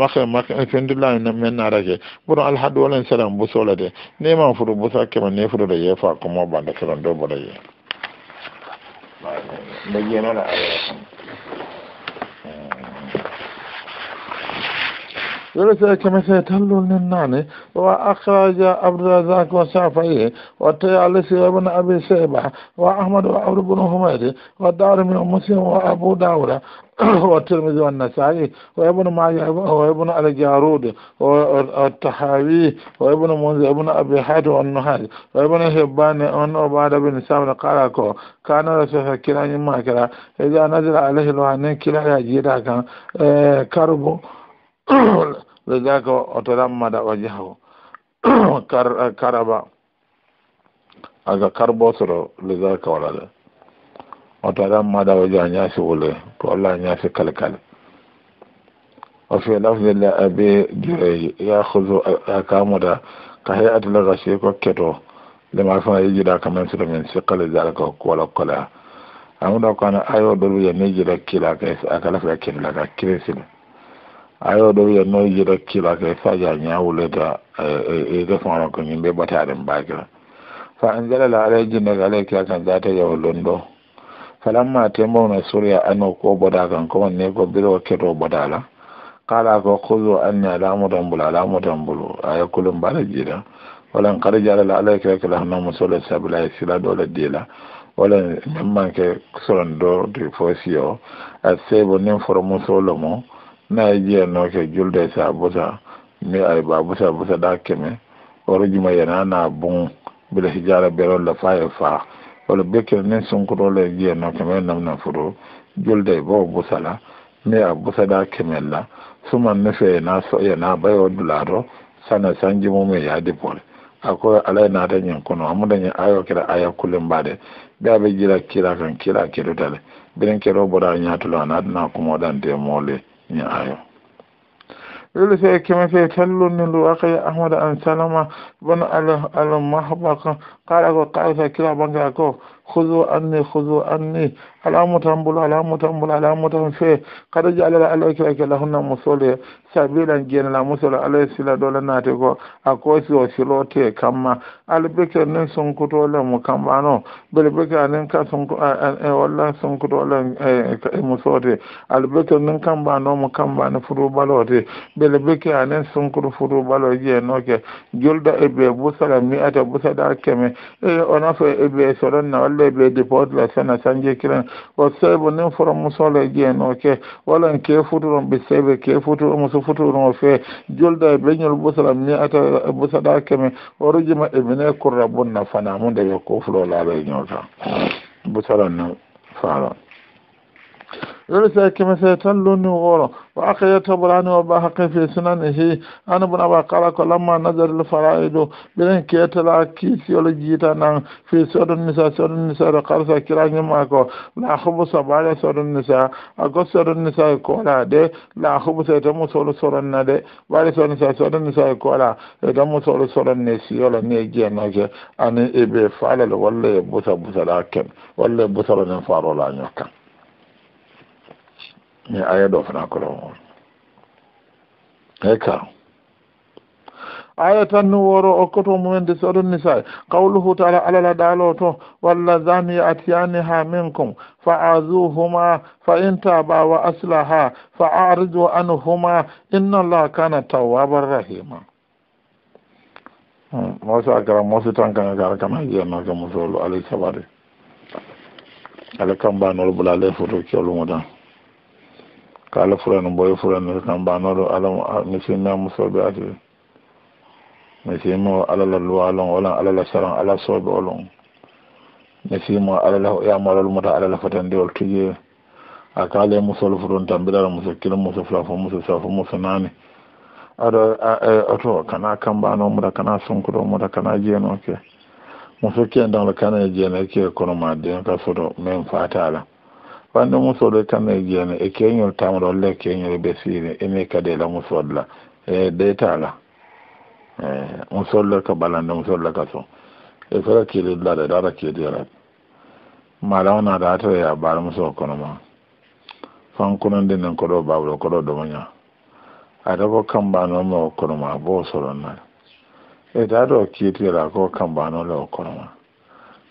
fintilla min narake ɓuɗo alhaɗu walen seren busolade neman fuɗu busa kema ne fuɗuɗo ye fa komo banda kiron ɗo boɗa ye ɓe jenoɗa aya ولسه كما تلو للناني وأخرج عبد الرزاق والشافعي والطيالسي وابن أبي سيبة وأحمد وعمر بن حميد ودار من مسلم وأبو داود والترمذي والنسائي وابن ماجه وابن الجارود والتحاوي وابن منذر ابن ابي حاتم والنهاج وابن هبان وابن عبادة بن سامر قال كان رسول الله كلا يما كلا اذا نزل عليه الوهن كلا يجيرا كان آه، كرب ذاك وتلمد وجهه كرب aga karbo soro leza ka wala le wata ran ma da waje an yashi wule to Allah an yashi kalkal wa fi lafzi la abi jurai ya khuzu eh, akamu da ka hayat la gashi ko keto le ma fa yi da kaman su da min shi kala zalika ko wala kala amma da kana ayo dole ya ne jira kila kai aka lafa kin la ka kirisila ayo ɗo n'o noyi jira kilake faja ñawuleta e defano ko yimɓe ɓataɗen mbakira fa anjalala ala jinnaka alay kiya kan zata yahulon londo falamma tembawna surya ano ko boɗa kan koman ne ko biro keto la. kala ko kuzo anni alamutan bulu alamutan bulu aya kulum mbaɗa jira. walan kada jalala alay kiya kila hana musole sabila e sila ɗole dila walan min ke soron do fo siyo a sebo nin foro musolo mo na ye jiya noke julde sa busa mi ay ba busa busa da keme wara juma yana na bun bila hijara bero la faye fa wala ne nin sunkuro la jiya noke me namna furo julde bo busa la mi a busa da keme la suma nufe yana so yana bayo dularo sana sanji mu me yadi pole akwai alai na ta yin kuno amma da yin ayo kira aya kullum ba da da bai jira kira kan kira kira da birin kira bura ya tulo na kuma dan da mole ñaayo lele fe keme fe tallunni ndu akay ahmada an salama bono ala ala mahbaka kala ko kayta kila banga ko hudu anni hudu anni ala mutan bulu ala mutan bulu ala mutan fe kada ji ala ala kira ke lahunna musole sabilan gena la musole ala sila dole na te ko akosi o silo te kama albeke nin sun kuto la mu kama no belbeke nin ka sun e walla sun kuto la e musote albeke nin kamba no mu kamba na furu balote belbeke nin sun kuto furu balo je no ke julda e be busala mi ata busada keme e ona fe e be soron na walla be deport la sana sanje kiran wasaybo nin fora musole na ke walan ke futuron bi seyɓe ke futuro musu futuron o fee jolda e ɓeñol busala mi ata busaɗa keme o rujima e mine kurra bonna fanamude ɓe ko fulo laaɓe ñoota busalan no faaron يرسى كما سيتلون غورا وعقية تبراني وباحق في سننه أنا بن أبا قالك لما نزل الفرائد بلن كيتلا كيسي ولجيتنا في سور النساء سور النساء قرسا كراجي ماكو لا خبو سبالة سور النساء أكو سور النساء كولا دي لا خبو سيتمو سور سور النساء بالي سور النساء سور النساء كولا يتمو سور سور النساء ولا نيجي نوكي أني إبي فعل ولا يبوسا بوسا لكن ولا يبوسا لنفارو لا نوكي ne aya dɔ fana kɔrɔ e ka aya tan ni wɔɔrɔ o koto mumen de sɔrɔ nisa kawluhu taala ala la daalo to walla zani atiyani ha minkum fa azuhuma fa in taba wa aslaha fa aridu anhuma inna allaha kana tawwaban rahima mosi hmm, a kara mosi tan kanga kara kana yiyannake musolu alay sabari ala kam banol bula ale foto kelu mudan ka ala furani boye furani kan banoɗo ala misilme musoɓe ati misilme o alala luwalon olan ala saran ala soɓe olon misilme o alala yamolol muta alala fotandiwol tuje a kala kaale musol futon tambiɗara muso kilo muso fula fo muso sa fo muso naani a to kana kan ba kambano muta kana sonkuto muta kana jeeno ke muso kendanlo kana e jeene ke kono ma den ka soto min fatala wande musole tan e jeene e keñol tamra walla e keñol ɓe siine ene kadi la musolla e deytala musolla ka ɓalande musolla ka so e fota kiilillaɗe ɗaɗa kiilirat maɗa wona ɗatare ya baala musoo kono ma fankunonde nden koɗo bawɗo koɗo ɗomoña aɗa ko kambanoma o kono ma bo solonnal e ɗaɗo kiitira ko kambanole o kono ma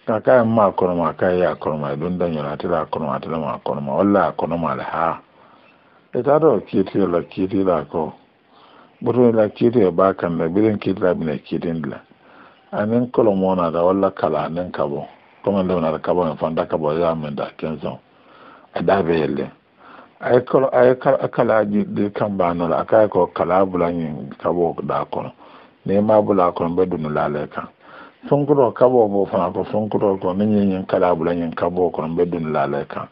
kaka en ma konoma ka ye a konoma e ɗum dañol atela a konoma atelama a konoma walla a konoma ala ha e taɗo kiitiyola kiitiɗa ko ɓotoɗa kiiti e ba na kamɓe ɓiɗen kiitiɗa ɓine kiitindila anin na monaɗa walla kala anin kabo comme lewnaɗa kabo en fanda kabo ya min da a quinze ans e ɗaɓe yelle ay a ye kala kan ba nɔ jiɗɗi kambanola akaye ko kala bula bulañi kabo ɗa kɔnɔ ni ma bula kɔnɔ bɛ ɓe la laale kan sunkuro kabo bo fana ko sunkuro ko min yin yin kala bula yin kabo ko be dun lalai kan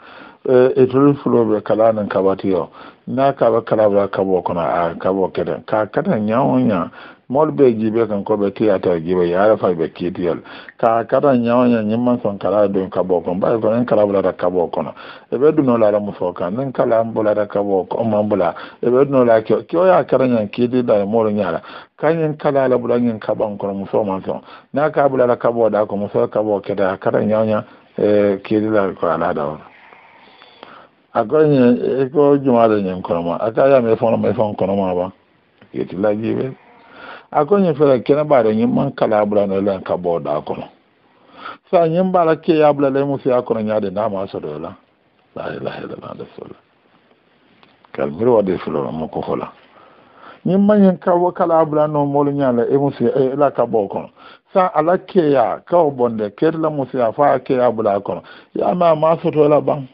eh, e tulu fulo be kala nan kabati yo na ka ba kala bula kabo ko na a kabo keden ka kada nyawon nya mol be jibe kan ko be ɓe tiyata jiibe yaare fay ɓe kiitiyol ka kata ñawoña ñimman son kala dun kaboo kono ba ko nen kala bula da ka e no bulata kaboo kono la la mu musoo kan nen kala bula da ka bulata o man bula e be la eɓe dunola keo keoya katañan kiitiɗa e moolu ñaala kañin kala la bula ka ban ko mu so man so na ka bula ka bo da ko mu so ka musoo kaboo keta kata ñawoña e, kiitiɗa ko ala alaada ono akoñe ko jumaɗo ñin kono ma aka yami fono ma fon kono ma ba ti kiitilajiiɓe ako ko ɲin fɛrɛ kɛnɛ b'a dɔ ɲin man kala bula ne la ka bɔ da kɔnɔ sa ɲin b'a la ke ya bula la muso ya kɔnɔ ɲa de n'a ma sɔrɔ o la la ilaha illallah de sɔrɔ kalmiri wa de la mo ko hola ɲin man ɲin ka wo kala bula no molu ɲa la e mu fi e la ka bɔ kɔnɔ sa ala ke ya ka o bonde ke la mu fi a fa ke ya bula kɔnɔ ya ma ma sɔrɔ o la ban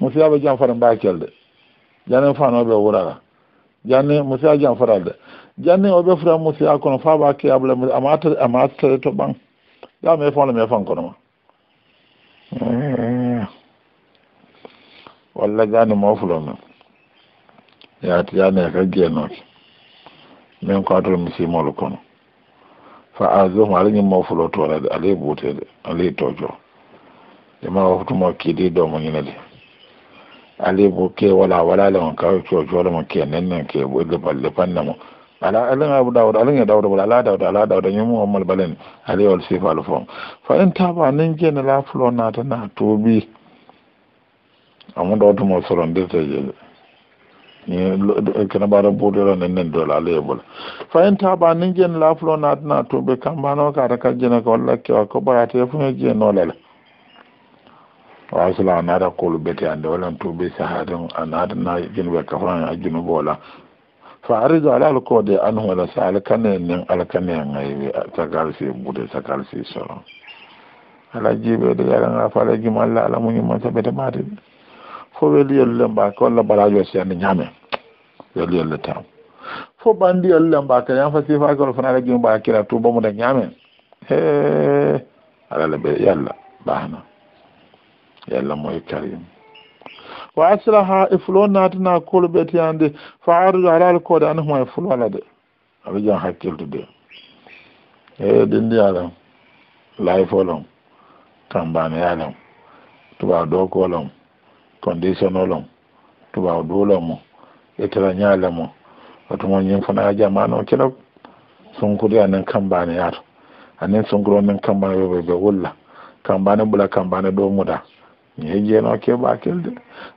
mu fi a bɛ jan fara ba kɛlɛ de janne fa n'o bɛ wura la mu fi a jan fara de janni o be fura a kono fa ɓa ke abla ama amata tere to ban ya me fan me fan kono ma eh. walla gani mo fulo ti ya yani ka no min ko atol lo kono fa ma alañi mo fulo toonede alay ɓuutede ale tojo ɗima e woftumo kiidi ɗo mo ñinede ale bo ke wala wala le on kaw lo mo ke nen ke de pan na mo ala alin abu dawud alin ya dawud bala ala dawud ala dawud yin muhammad balin ali wal sifa al fon fa in taba nin je na la fulo na ta na tobi amu da wato mo soron de yi je ni e kana bara bodo ran nan do la ale bol fa in taba nin je na la fulo na ta na tobi kan ba na no ka ta ka wala kewa ko la ta ko bara te fu je no la wasula anata kolu bete ande walan tubi sahadin anata na na jinwe kafaran a junubola faharizu alalko da an wada sa alkanin nan alkanin yan ayi ta a bude ta galsi soro alaji be da yaran afara gimal la alamun yi mata be da madin fo weli yalla ba ko la bala yo se an nyame weli yalla ta fo bandi yalla ba ka yan fa sifa ko fa na gim ba kira to bomu da nyame he alala be yalla bahna yalla moy karim wa asla ha e fulo natana kolo ɓeteyande fa ardu ala l koode ani huma e fulo ala de aɗa jan hakkiltude eyi ɗindi alam layfolom tambaneyalam tubaw dokolom condition olom tubaw duulomo e trañalemo otumo ñimfona jamano kelo sunkude anen kambane yaato anen sunkude onen kambane ɓeɓeɓe wulla kambane ɓula kambane ɗo muda ñe jeeno ke Ba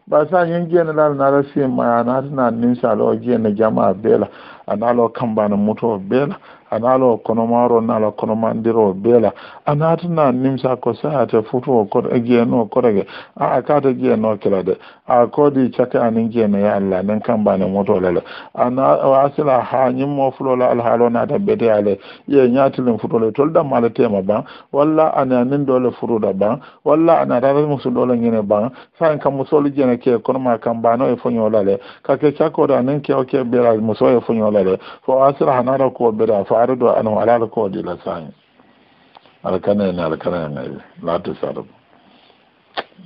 basa ñin jeene na naala sima a naati na nin saalo o na jama beela a naalo na muto beela analo konomaro nala konomandiro bela anatna nimsa ko futu saate futuo koto jeeno kotoge a kata jeeno kila de a kodi cake anin jeeno ya allah nen kambane motolele ana wasila ha ñimmo fulola alhaalo naata bete ale ye ñatilin futole tol dammala tema ban walla ana nin dole da ban walla ana tata musu dole ñine ban san ka musolu jene ke konoma kambano e foñolale kake cakoda anin kewo ke bela muso e foñolale fo wasila hanata ko beda fa taaridu anhu ko alkawdi la sahi alkana ne alkana na la ta sarab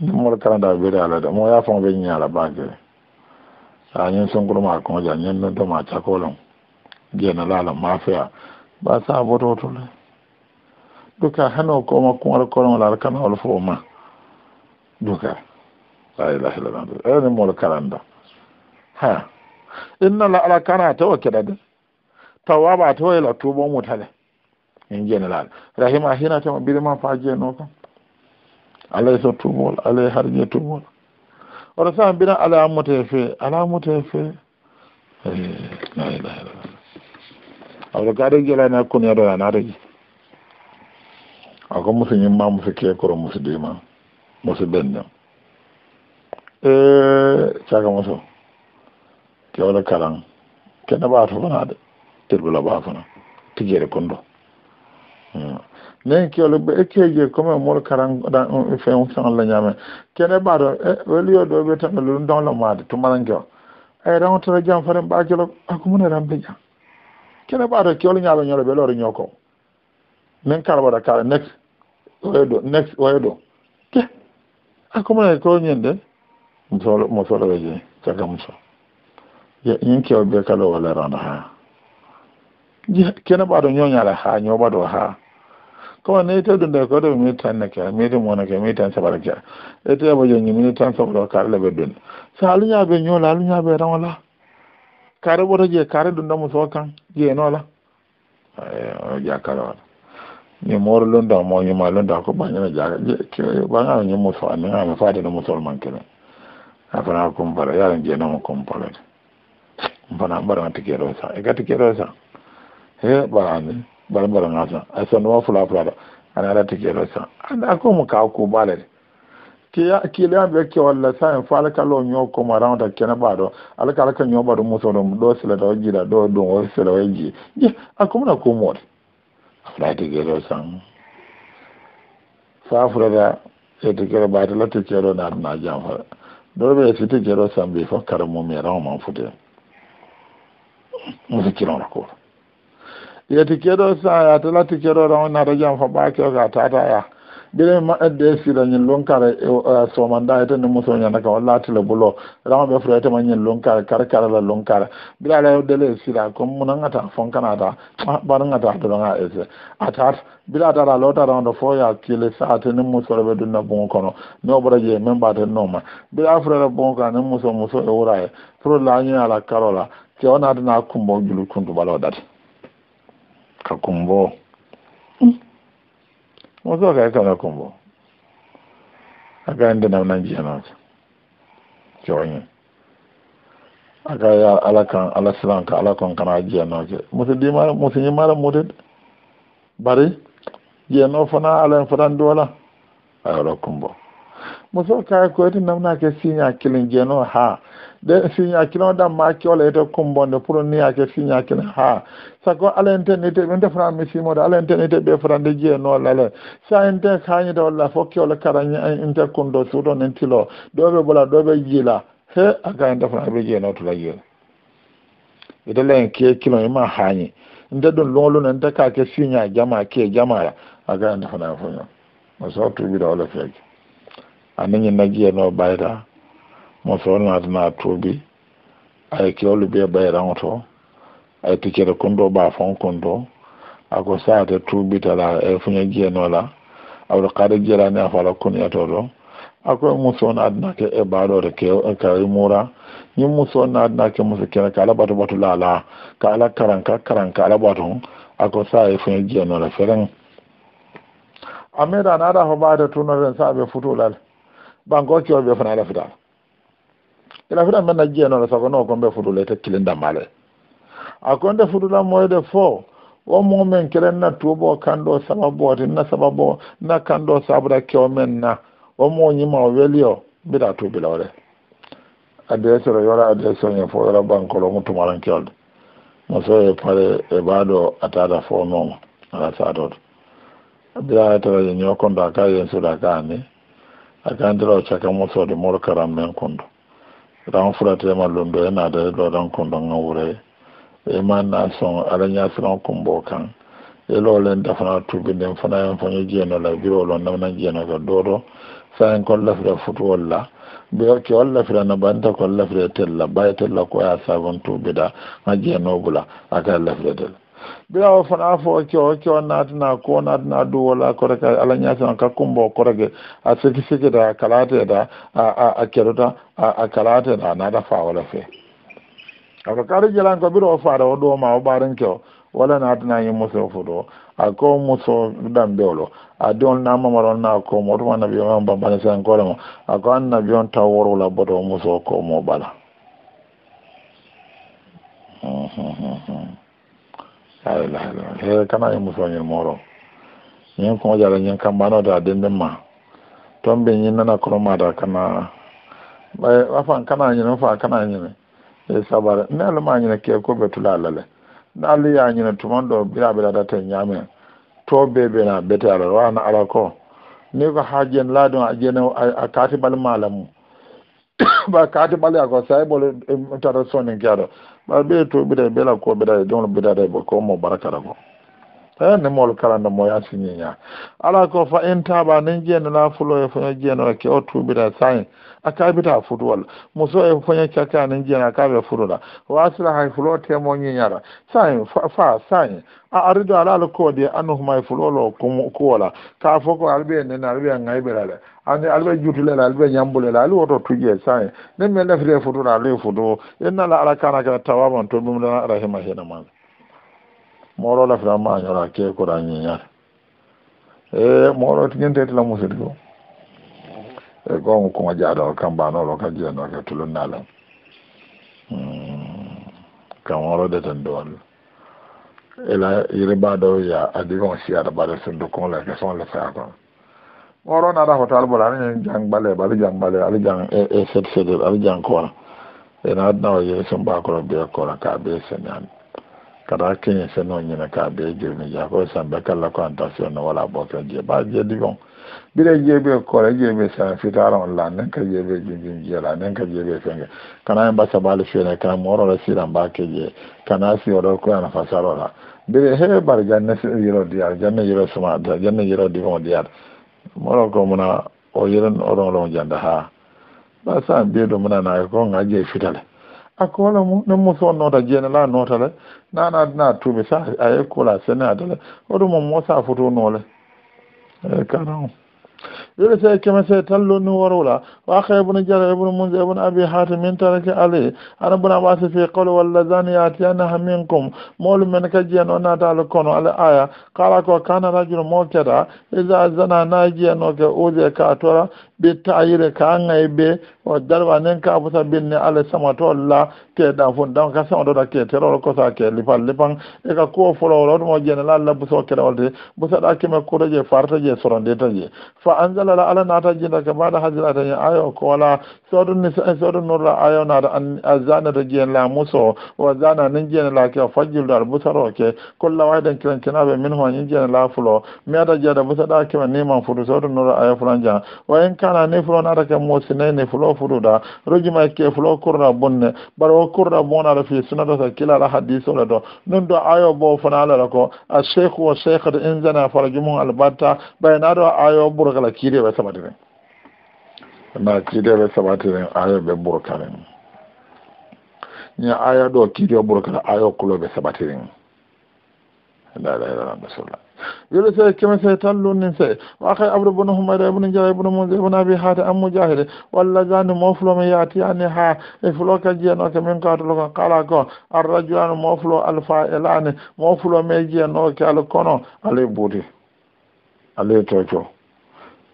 mo kana da be ala la mo ya fon be la ba ke sa nyen son ko ma ko ja nyen no to ma cha ko lon je na la la fa ba sa bo to le duka hano ko ma ko ala ko la alkana wal fo ma duka la ilaha illallah ne mo kalanda ha inna la alkana tawakkada tawaba to yela tubo mutane in general rahima hina to man faje no kan alay so tubol ya harje tubol wala sa bina ala mute fe ala mute fe eh, la ilaha illallah awɗo na jelani hakkunde na an aɗaji ako musi ñimma musu kekoro musu dima musi eh e musu ke wala kalan kene ɓato de terbula ba fana tigere kondo hmm. nen kiyole ɓe ekkeje comme mol karan fen la ñamen kene ɓaɗo e, weliyo ɗo ɓe tan ɗo ɗum dawla maade tumaranke o ay e, rawtata jam faren ɓakelo akumune rambe jam kene ɓaɗo kiyole ñaɓe ñole ɓe lore ñoko nen kala waɗa kala next waye ɗo next waye ɗo ke akumune koñen de mo soloɓe je cagga mum so ñin kewo ɓe kala wala randa ha kene nyonya la ha nyo ba do ha ko ne ite dun da ko ɗo mi tan neke mi ɗum wona ke mi tan saɓata ke ete ɓo joñi mi tan saɓata kare le sa nya ɓe ɗum so aluñaɓe ñoola aluñaɓe tan wala kare ɓoto je kare da mu so kan je no la jeenola ja kare wala lu nda mo ni ma lu nda ko ba ja je ke ba jaka ɓaŋano ñimmu so an na na ma fa fa de no so man ke ko anniame fadeno musolman kene a fana compara yaran jeenoma compalade fana ke ro sa e ga ke ro sa he barani barbaran hasan a sanuwa fula fula da ana da san rasa an da ko mu ka ko bala ne ke ya ke la be ke walla sa en fala ka lo nyo ko maran ta kena ba do ala ka ka nyo ba do muso do do sila do jira do do o sila o ji ya a ko mu na ko mo fula take san fa fula da e take ba ta la take ro na na jan fa do be si take ro san be fa karamu me ran man fute mu fikira ko yeti keɗo saya tela ti keɗo rawna aɗa jam fo ɓaakeo eh, ka tataya ɓire maɗde eh, sira ñin lonkare eh, somanda etene musoñana ka walla tile bulo rawɓe ma ñin lonkare kare karela lonkare ɓira ala dele sira comme munangata fonkanata ɓarngata doroga ese atat ɓira atara lota rawdo fo ya kile saatene musoreɓe dunna bungo kono ni o ɓoɗa jee min ɓaten nooma ɓira furere bungo ka ni muso muso e wura e pour la ñi ala karola ke o natana kumbo julu kuntuɓaloɗata ka kumbo muso mm. ka kana kumbo aka inda na nan jiya nan kyonyi aka ya ala kan ala silan ka ala kan kana jiya n'a ke muso di mara muso ni mara murid bari jiya no fana ala fana dola ayo kumbo muso ka ko tin nan na ke sinya kilin jeno ha de siña kilo dam ma kewla ete kumbonde pour niyake siña kila ha sago ala internete ɓe defran mi simode ala internete ɓe frande jeenolale sa inte kañide walla fof kewla karañi inte eh, kundo suuɗo nen tilo ɗoɓe ɓola ɗoɓe jiila he aka en defran ɓe jeenotula jeela itala len ke kilo ima hañi nte ɗum lungoluna ka ke siña jama ke jamaya aka en defana foño o so bi tuɓiɗa wala feeke aniñi nagiye no baida mo fewnatana tuubi ay kewlu be ɓayran to ay piccere kunɗo ɓa fon kunɗo ako saate tuubitala e fuña jeenola awɗo kaade jeerani a fala kuniyato ɗo akoye musona adnake e baɗore kay e e mura ñin musona adnake muso kene ka ala ɓatu ɓatu lala ka ala karanka karanka ala ɓatu ako sa e fuña jeenola feren a meɗa naɗa ko ɓaate tunoɗen sa ɓe futulal ɓanko kewɓe fana ala fitaa. ilafita mena jiya no sako no kombe fudula ite da male akonde fudula moyde fo wo mo men kelen na tubo kando sababu ati na sababu na kando sabra kyo men na wo mo nyima o welio bida tu bila ore adresse ro yora adresse ne fo yora banko lo mutu maran kyol mo so e pare e bado atada fo no ala sa dot bida tara nyokondo akaye sura kane akandira chakamoso de mor karam kondo ran furatema lumɗo yana da loran kunɗon an wure iman e na son ala ñasiran kumbo kan ilolen e dafana tubinden fana hen foño jeenola birolo namnan ga doɗo sahen kon lafira futuwol la ɓe ke on lafira na banta kon lafira tella baya tella ko ya da tubiɗa ha jeenobula aka lafira tella bila o fana fo o ke o na o natana ko natana du wala kore ka ala ñasan ka kumbo korege a siki siki da kalate da a a a kalate da da fa wala fe ko kari jalan ko biro fa da o ma o ɓaren wala o wala natanañi muso do a ko muso dambewlo a don diol namamaron na ko komo tuma nabi man bambane sen korema na annabi on taw la boto muso komo bala. he eh, kana ye muso ñin moro ñin ko jala ñin kambano den den ma ton bɛ ñin nana koroma da kana afan kana ñin fa kana ñin e eh, sabare ne alma ñin ke ko be tula lale dali ya ɲini tuma dɔ bira bira da te ñame tɔ be be na bete ala wa na ala ko ni ko hajen ladon a jene a bali katibal malamu ba bali a katibal ya ko sai e bol e, tara sonin gyaro ɓa bɛ to ɓiɗa bɛ ko ɓiɗa e jomlo ɓiɗaɗa ko baara kɛra bɔ. Eh, ne moolu kalanda mo yaa siñiña ala ko fa in taaba nin jeeno la fulo e foño jeenola ke o tuubita sañi a kaabita e futu walla muso e nan cakka nin jeeno a kaabe wa asla hay fulo temo ra sai fa sai a arido ala ma e fulo lo ko ko wala ka fo ko alɓe nen alɓe ŋayɓirale e la alɓe nyambule la lo ali tuje sai sañi nin min lefri e le ali futu na ala kana ka tawaban to ɗum lana rahima hina moro la fira ma nyora ke ko ra nyi nyar e moro ti la tila go e go ngo ko ja do jaado ba no lo ka je no ka tulun la hmm, ka moro de tan do al e la ire ba do ya adi adigon si ara ba de sun do ko la ke son la fa ko moro na da ho tal bola ni jang bale bale jang bale ali jang e e set set ali jang ko ena na o ye sun ba ko be ko la ka be se senan kada keñe n'o ñine ka be jirmi ja ko san sambe kala ko antation no wala boto je ba je digon bire jebe je jebe sa fitaron la nen ka jebe jinjin la ne ka je jebe fenge kana en basa bali ne kana moro la siran ba ke je kana si odo ko ana fasaro la bire he bar janne yiro diar janne yiro suma da janne yiro digon diar moro ko na o yiren oron ron janda ha basa be do muna na ko ngaje fitale akola mu ne muso nota jene la nota le na na na tumi sa ko ayekola sene adale odu mo mosa foto nole e eh, kanon yɛrɛ sɛ kɛmɛ sɛ tallo ni waro la wa aka ibn jara ibn munza ibn abi hatim min tarake ale ana bana ba se fi qala wal ladani atiyana haminkum mol men ka jeno na dal kono ale aya qala ko kana rajul mokata iza zana na jeno ke oje ka tora bi ka ngai be o darwa nen ka buta binne ale sama to la ke da fon dan ka sama da ke tero ko sa ke li pal li pan e ka ko fo lo mo la la buso ke rawde busa da ke me ko je farta je soron de tanje fa anzala la ala nata jinda ka baɗa hajira ta yin ayo kola sodu ni sodu nurra ayonara azana da jiyan la muso wa zana nin jiyan la ke fajjil da busaro ke kulla waidan kiran kina be min hon jiyan la fulo da ada jada busada ke ne man fudu sodu nurra ayo franja wa in kana ne fulo na da ke mosine ne fulo fudu da rujima ke fulo kurra bonne bar wa kurra bona da fi sunata ta kila da hadiso la do nun do ayo bo fana la ko a sheikh wa sheikh da in zana farjumun albatta bayna do ayo burgala kire ba sabadin na kidi bɛ sabati ni aya bɛ burukani ni aya dɔ kidi bɛ burukani aya kulo bɛ sabati ni la la la masala yɔrɔ sɛ kɛmɛ sɛ tan lu ni sɛ wa kai abudu bunu huma yɛrɛ bunu jɛ bunu mun jɛ bunu abi hati an mu jahili wala zani mɔ fulo ya ti ha e fulo ka jɛ nɔ kɛ min ka tulo kan kala kɔ arajo ani mɔ fulo alifa elani mɔ fulo mi jɛ ale buti ale tɔ jɔ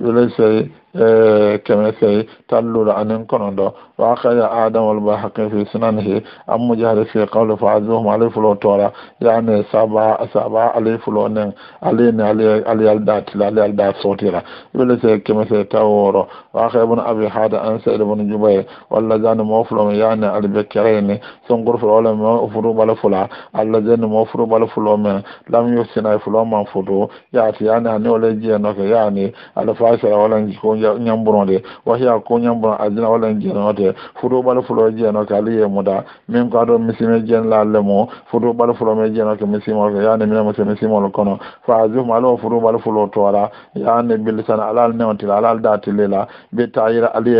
yɔrɔ Eh, kɛmɛ fila ye tan lora ani kɔnɔntɔn وأخرج آدم والباحق في سننه أم مجاهد في قول فعزوهم علي فلو تورا يعني سبع سبع علي فلو نين علي علي الدات لا علي الدات صوتي ولسي كما سيتاورو وأخرج ابن أبي حاد أن سيد بن جبير والذين موفلهم يعني البكرين سنقر فلو لم يفروا بل فلا الذين موفروا بل فلو من لم يحسن فلو من فلو يعني يعني أن يولي يعني الفاشرة ولا يكون ينبرون وهي يكون ينبرون أجل ولا ينبرون te futobal fulo jeno ke ali ye muda min ko aɗo misime jen lalle mo futobal fulo me jeno ke kono fa fulo alal alal be tayira ali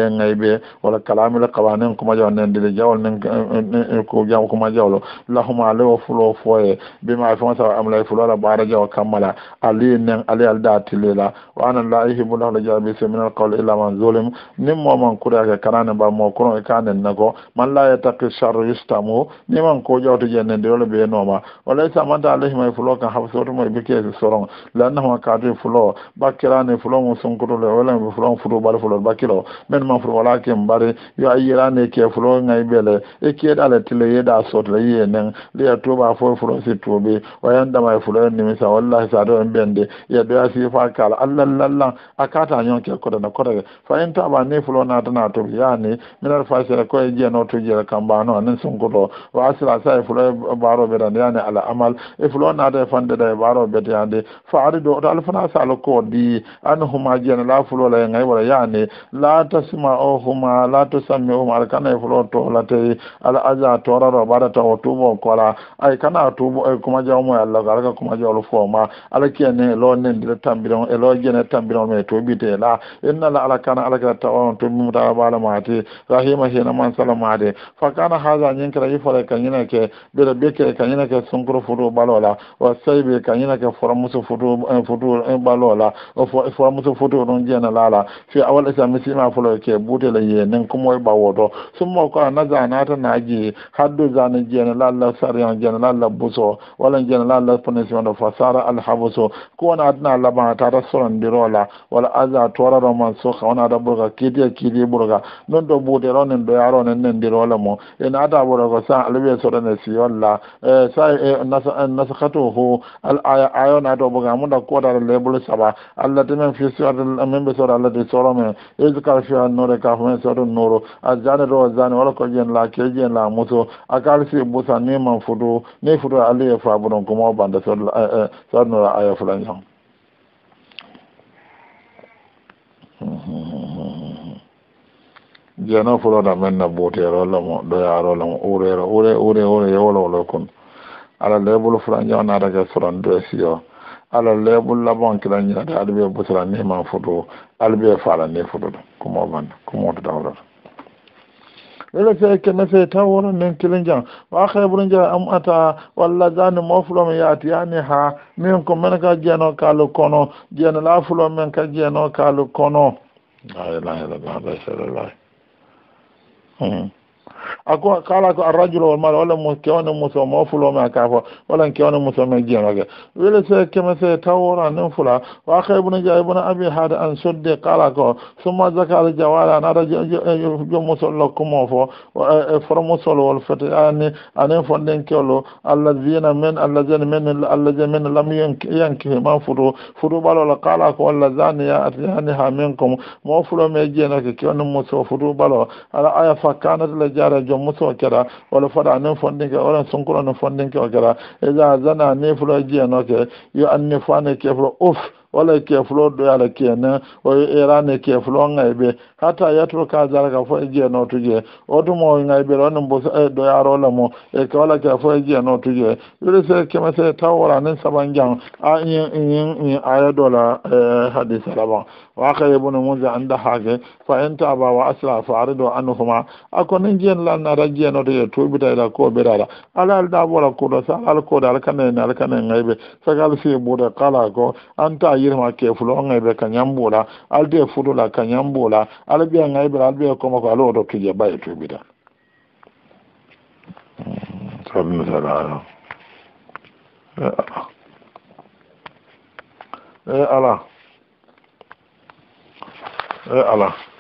kuma jaw ko kuma jawlo fulo foye sa fulo bara jaw ali ali al wa anan la yuhibbu la jabi min al qawl illa man zulim nim mo man kura kanane ba mo kono e kanen nago man la yataki charre yustamu niman ko jawto jennede yole ɓe nooma walay samanta alayhima e fulo kan habsotomo eɓe keesi soron lannahuma kaati fulo bakkirani fulo mum sonkotole walamo fulo futu ɓari fulo bakkilo min man fulo wala ken ɓari yo a yirani ke fulo gay ɓele e keeɗale tile yeeɗa sotla yiye nen liya tuuɓa fo fulo si tuuɓi wayandama e fulo en nimisa wallahi saɗo en ɓende yeɗoya sifa kala allah lallan a kata ñonke kotene kotake fa in taɓa ne fulo natana toɓi yani minar fasira koye ba no nan sun sunkuto wa asira sai e fulo e baro ɓetande yani ala amal e fulo naata da fande ɗa e baro ɓeteyande faari do to alfana salo ko di an huma jene la fulola la ngai wala yani la tasma o huma la tosammi o ala kana e fulo te ala aja toraro ɓaɗa tu o ko la ai kana tuubo e eh, kuma jawmo e allah ga ga kuma fo ma ala ne lo nendire tambiro e lo jene tambiro me toɓite la la ala kana alakira tawa on toɓimutara ma mati sahima hena man fa kana haza nyin kira yi fara ka ñina ke bira be kere kan ñina ke sun kuro balo balola wa saybe ka ñina ke foramuso futu eh, eh, balola balo la musu futu don jena lala fi awal isa ma fulo ke la ye nin kumoy ɓawoto summo ko a naza nata naji haddu zani jeena lalla sariyan jena lala buso walla jeena lalla wanda fa sara habuso ko na adna ta tata dirola wala aza toraro man ka wona da ɓurga kiidiya kiidi ɓurga non do buude ronin do yaro nen nen dir wala mo en ada boro ko sa albe so ran si walla eh, sa eh, nasakatuhu eh, al ayona do boga mun da ko da lebul saba allah tan fi sura al membe sura allah de sura me izkar fi an nore ka fu sura nuru azana do azana wala ko jen la ke jen la muto akal si busa ne man fudo ne fudo allah ya e fa buron kuma banda sura sura nuru aya fulan yan hmm, hmm, hmm, jeno fuloda men na botero lamo doyaro lamo urero ure ure ure yewolowolo kun ala lebul na naatake soron do siyo ala lebul labon kila ñinata ala ɓe busara nima foto ala ɓe faala ni fototo kumo banna kumoto dawrata wala. fe keme fe taw wona nden kilin jan wa heɓru jaa am ata walla jani mofuloma yaati yani ha min ko men ka jeeno kaalu kono la laafulo men ka jeeno kalu kono la la Mm-hmm. ako kala ko arrajulu wal mal wala mo kewno muso mo fulo ma ka fo wala kewno muso ma jema ga wala se kema se tawora nan fula wa akhay ibn ja ibn abi hada an sudde kala ko summa zakal jawala na da jo muso lokko mo fo foro muso wal fati an an fo den men allazina zina men min zina men lam yanki ma fudo fudo balo la kala ko allazani ya atani ha minkum mo fulo me jena ke kewno muso fudo balo ala aya fakana la jara jom muso kera wala fara ne fɔnden ke wala sunkura ne fɔnden ke kera kɛra iza zana ne fulo jiya no ke yo an ne fɔ ne kɛ fɔlɔ wala kefulo do ala kene o erane kefulo ngaybe e hata yatro ka ka fo e je no tuje nga ngaybe e ron bo do yaro la mo e ka wala ka fo je no tuje wele se ma se tawara nan sabanjan a yin yin aya dola hadis alaba wa ka ibn munza anda hage fa anta ba wa asla fa aridu anhuma akonin jen lan na raje no tuje to bi da ko be da ala da wala ko do sa al ko da al kanen al kanen ngaybe sagal se bo da kala ko anta yirma ke fulo ngai be ka nyambola alde fulo la ka nyambola albe ngai be albe ko ma ko alo do kije baye to bida mm, sabin sarara eh ala eh ala eh,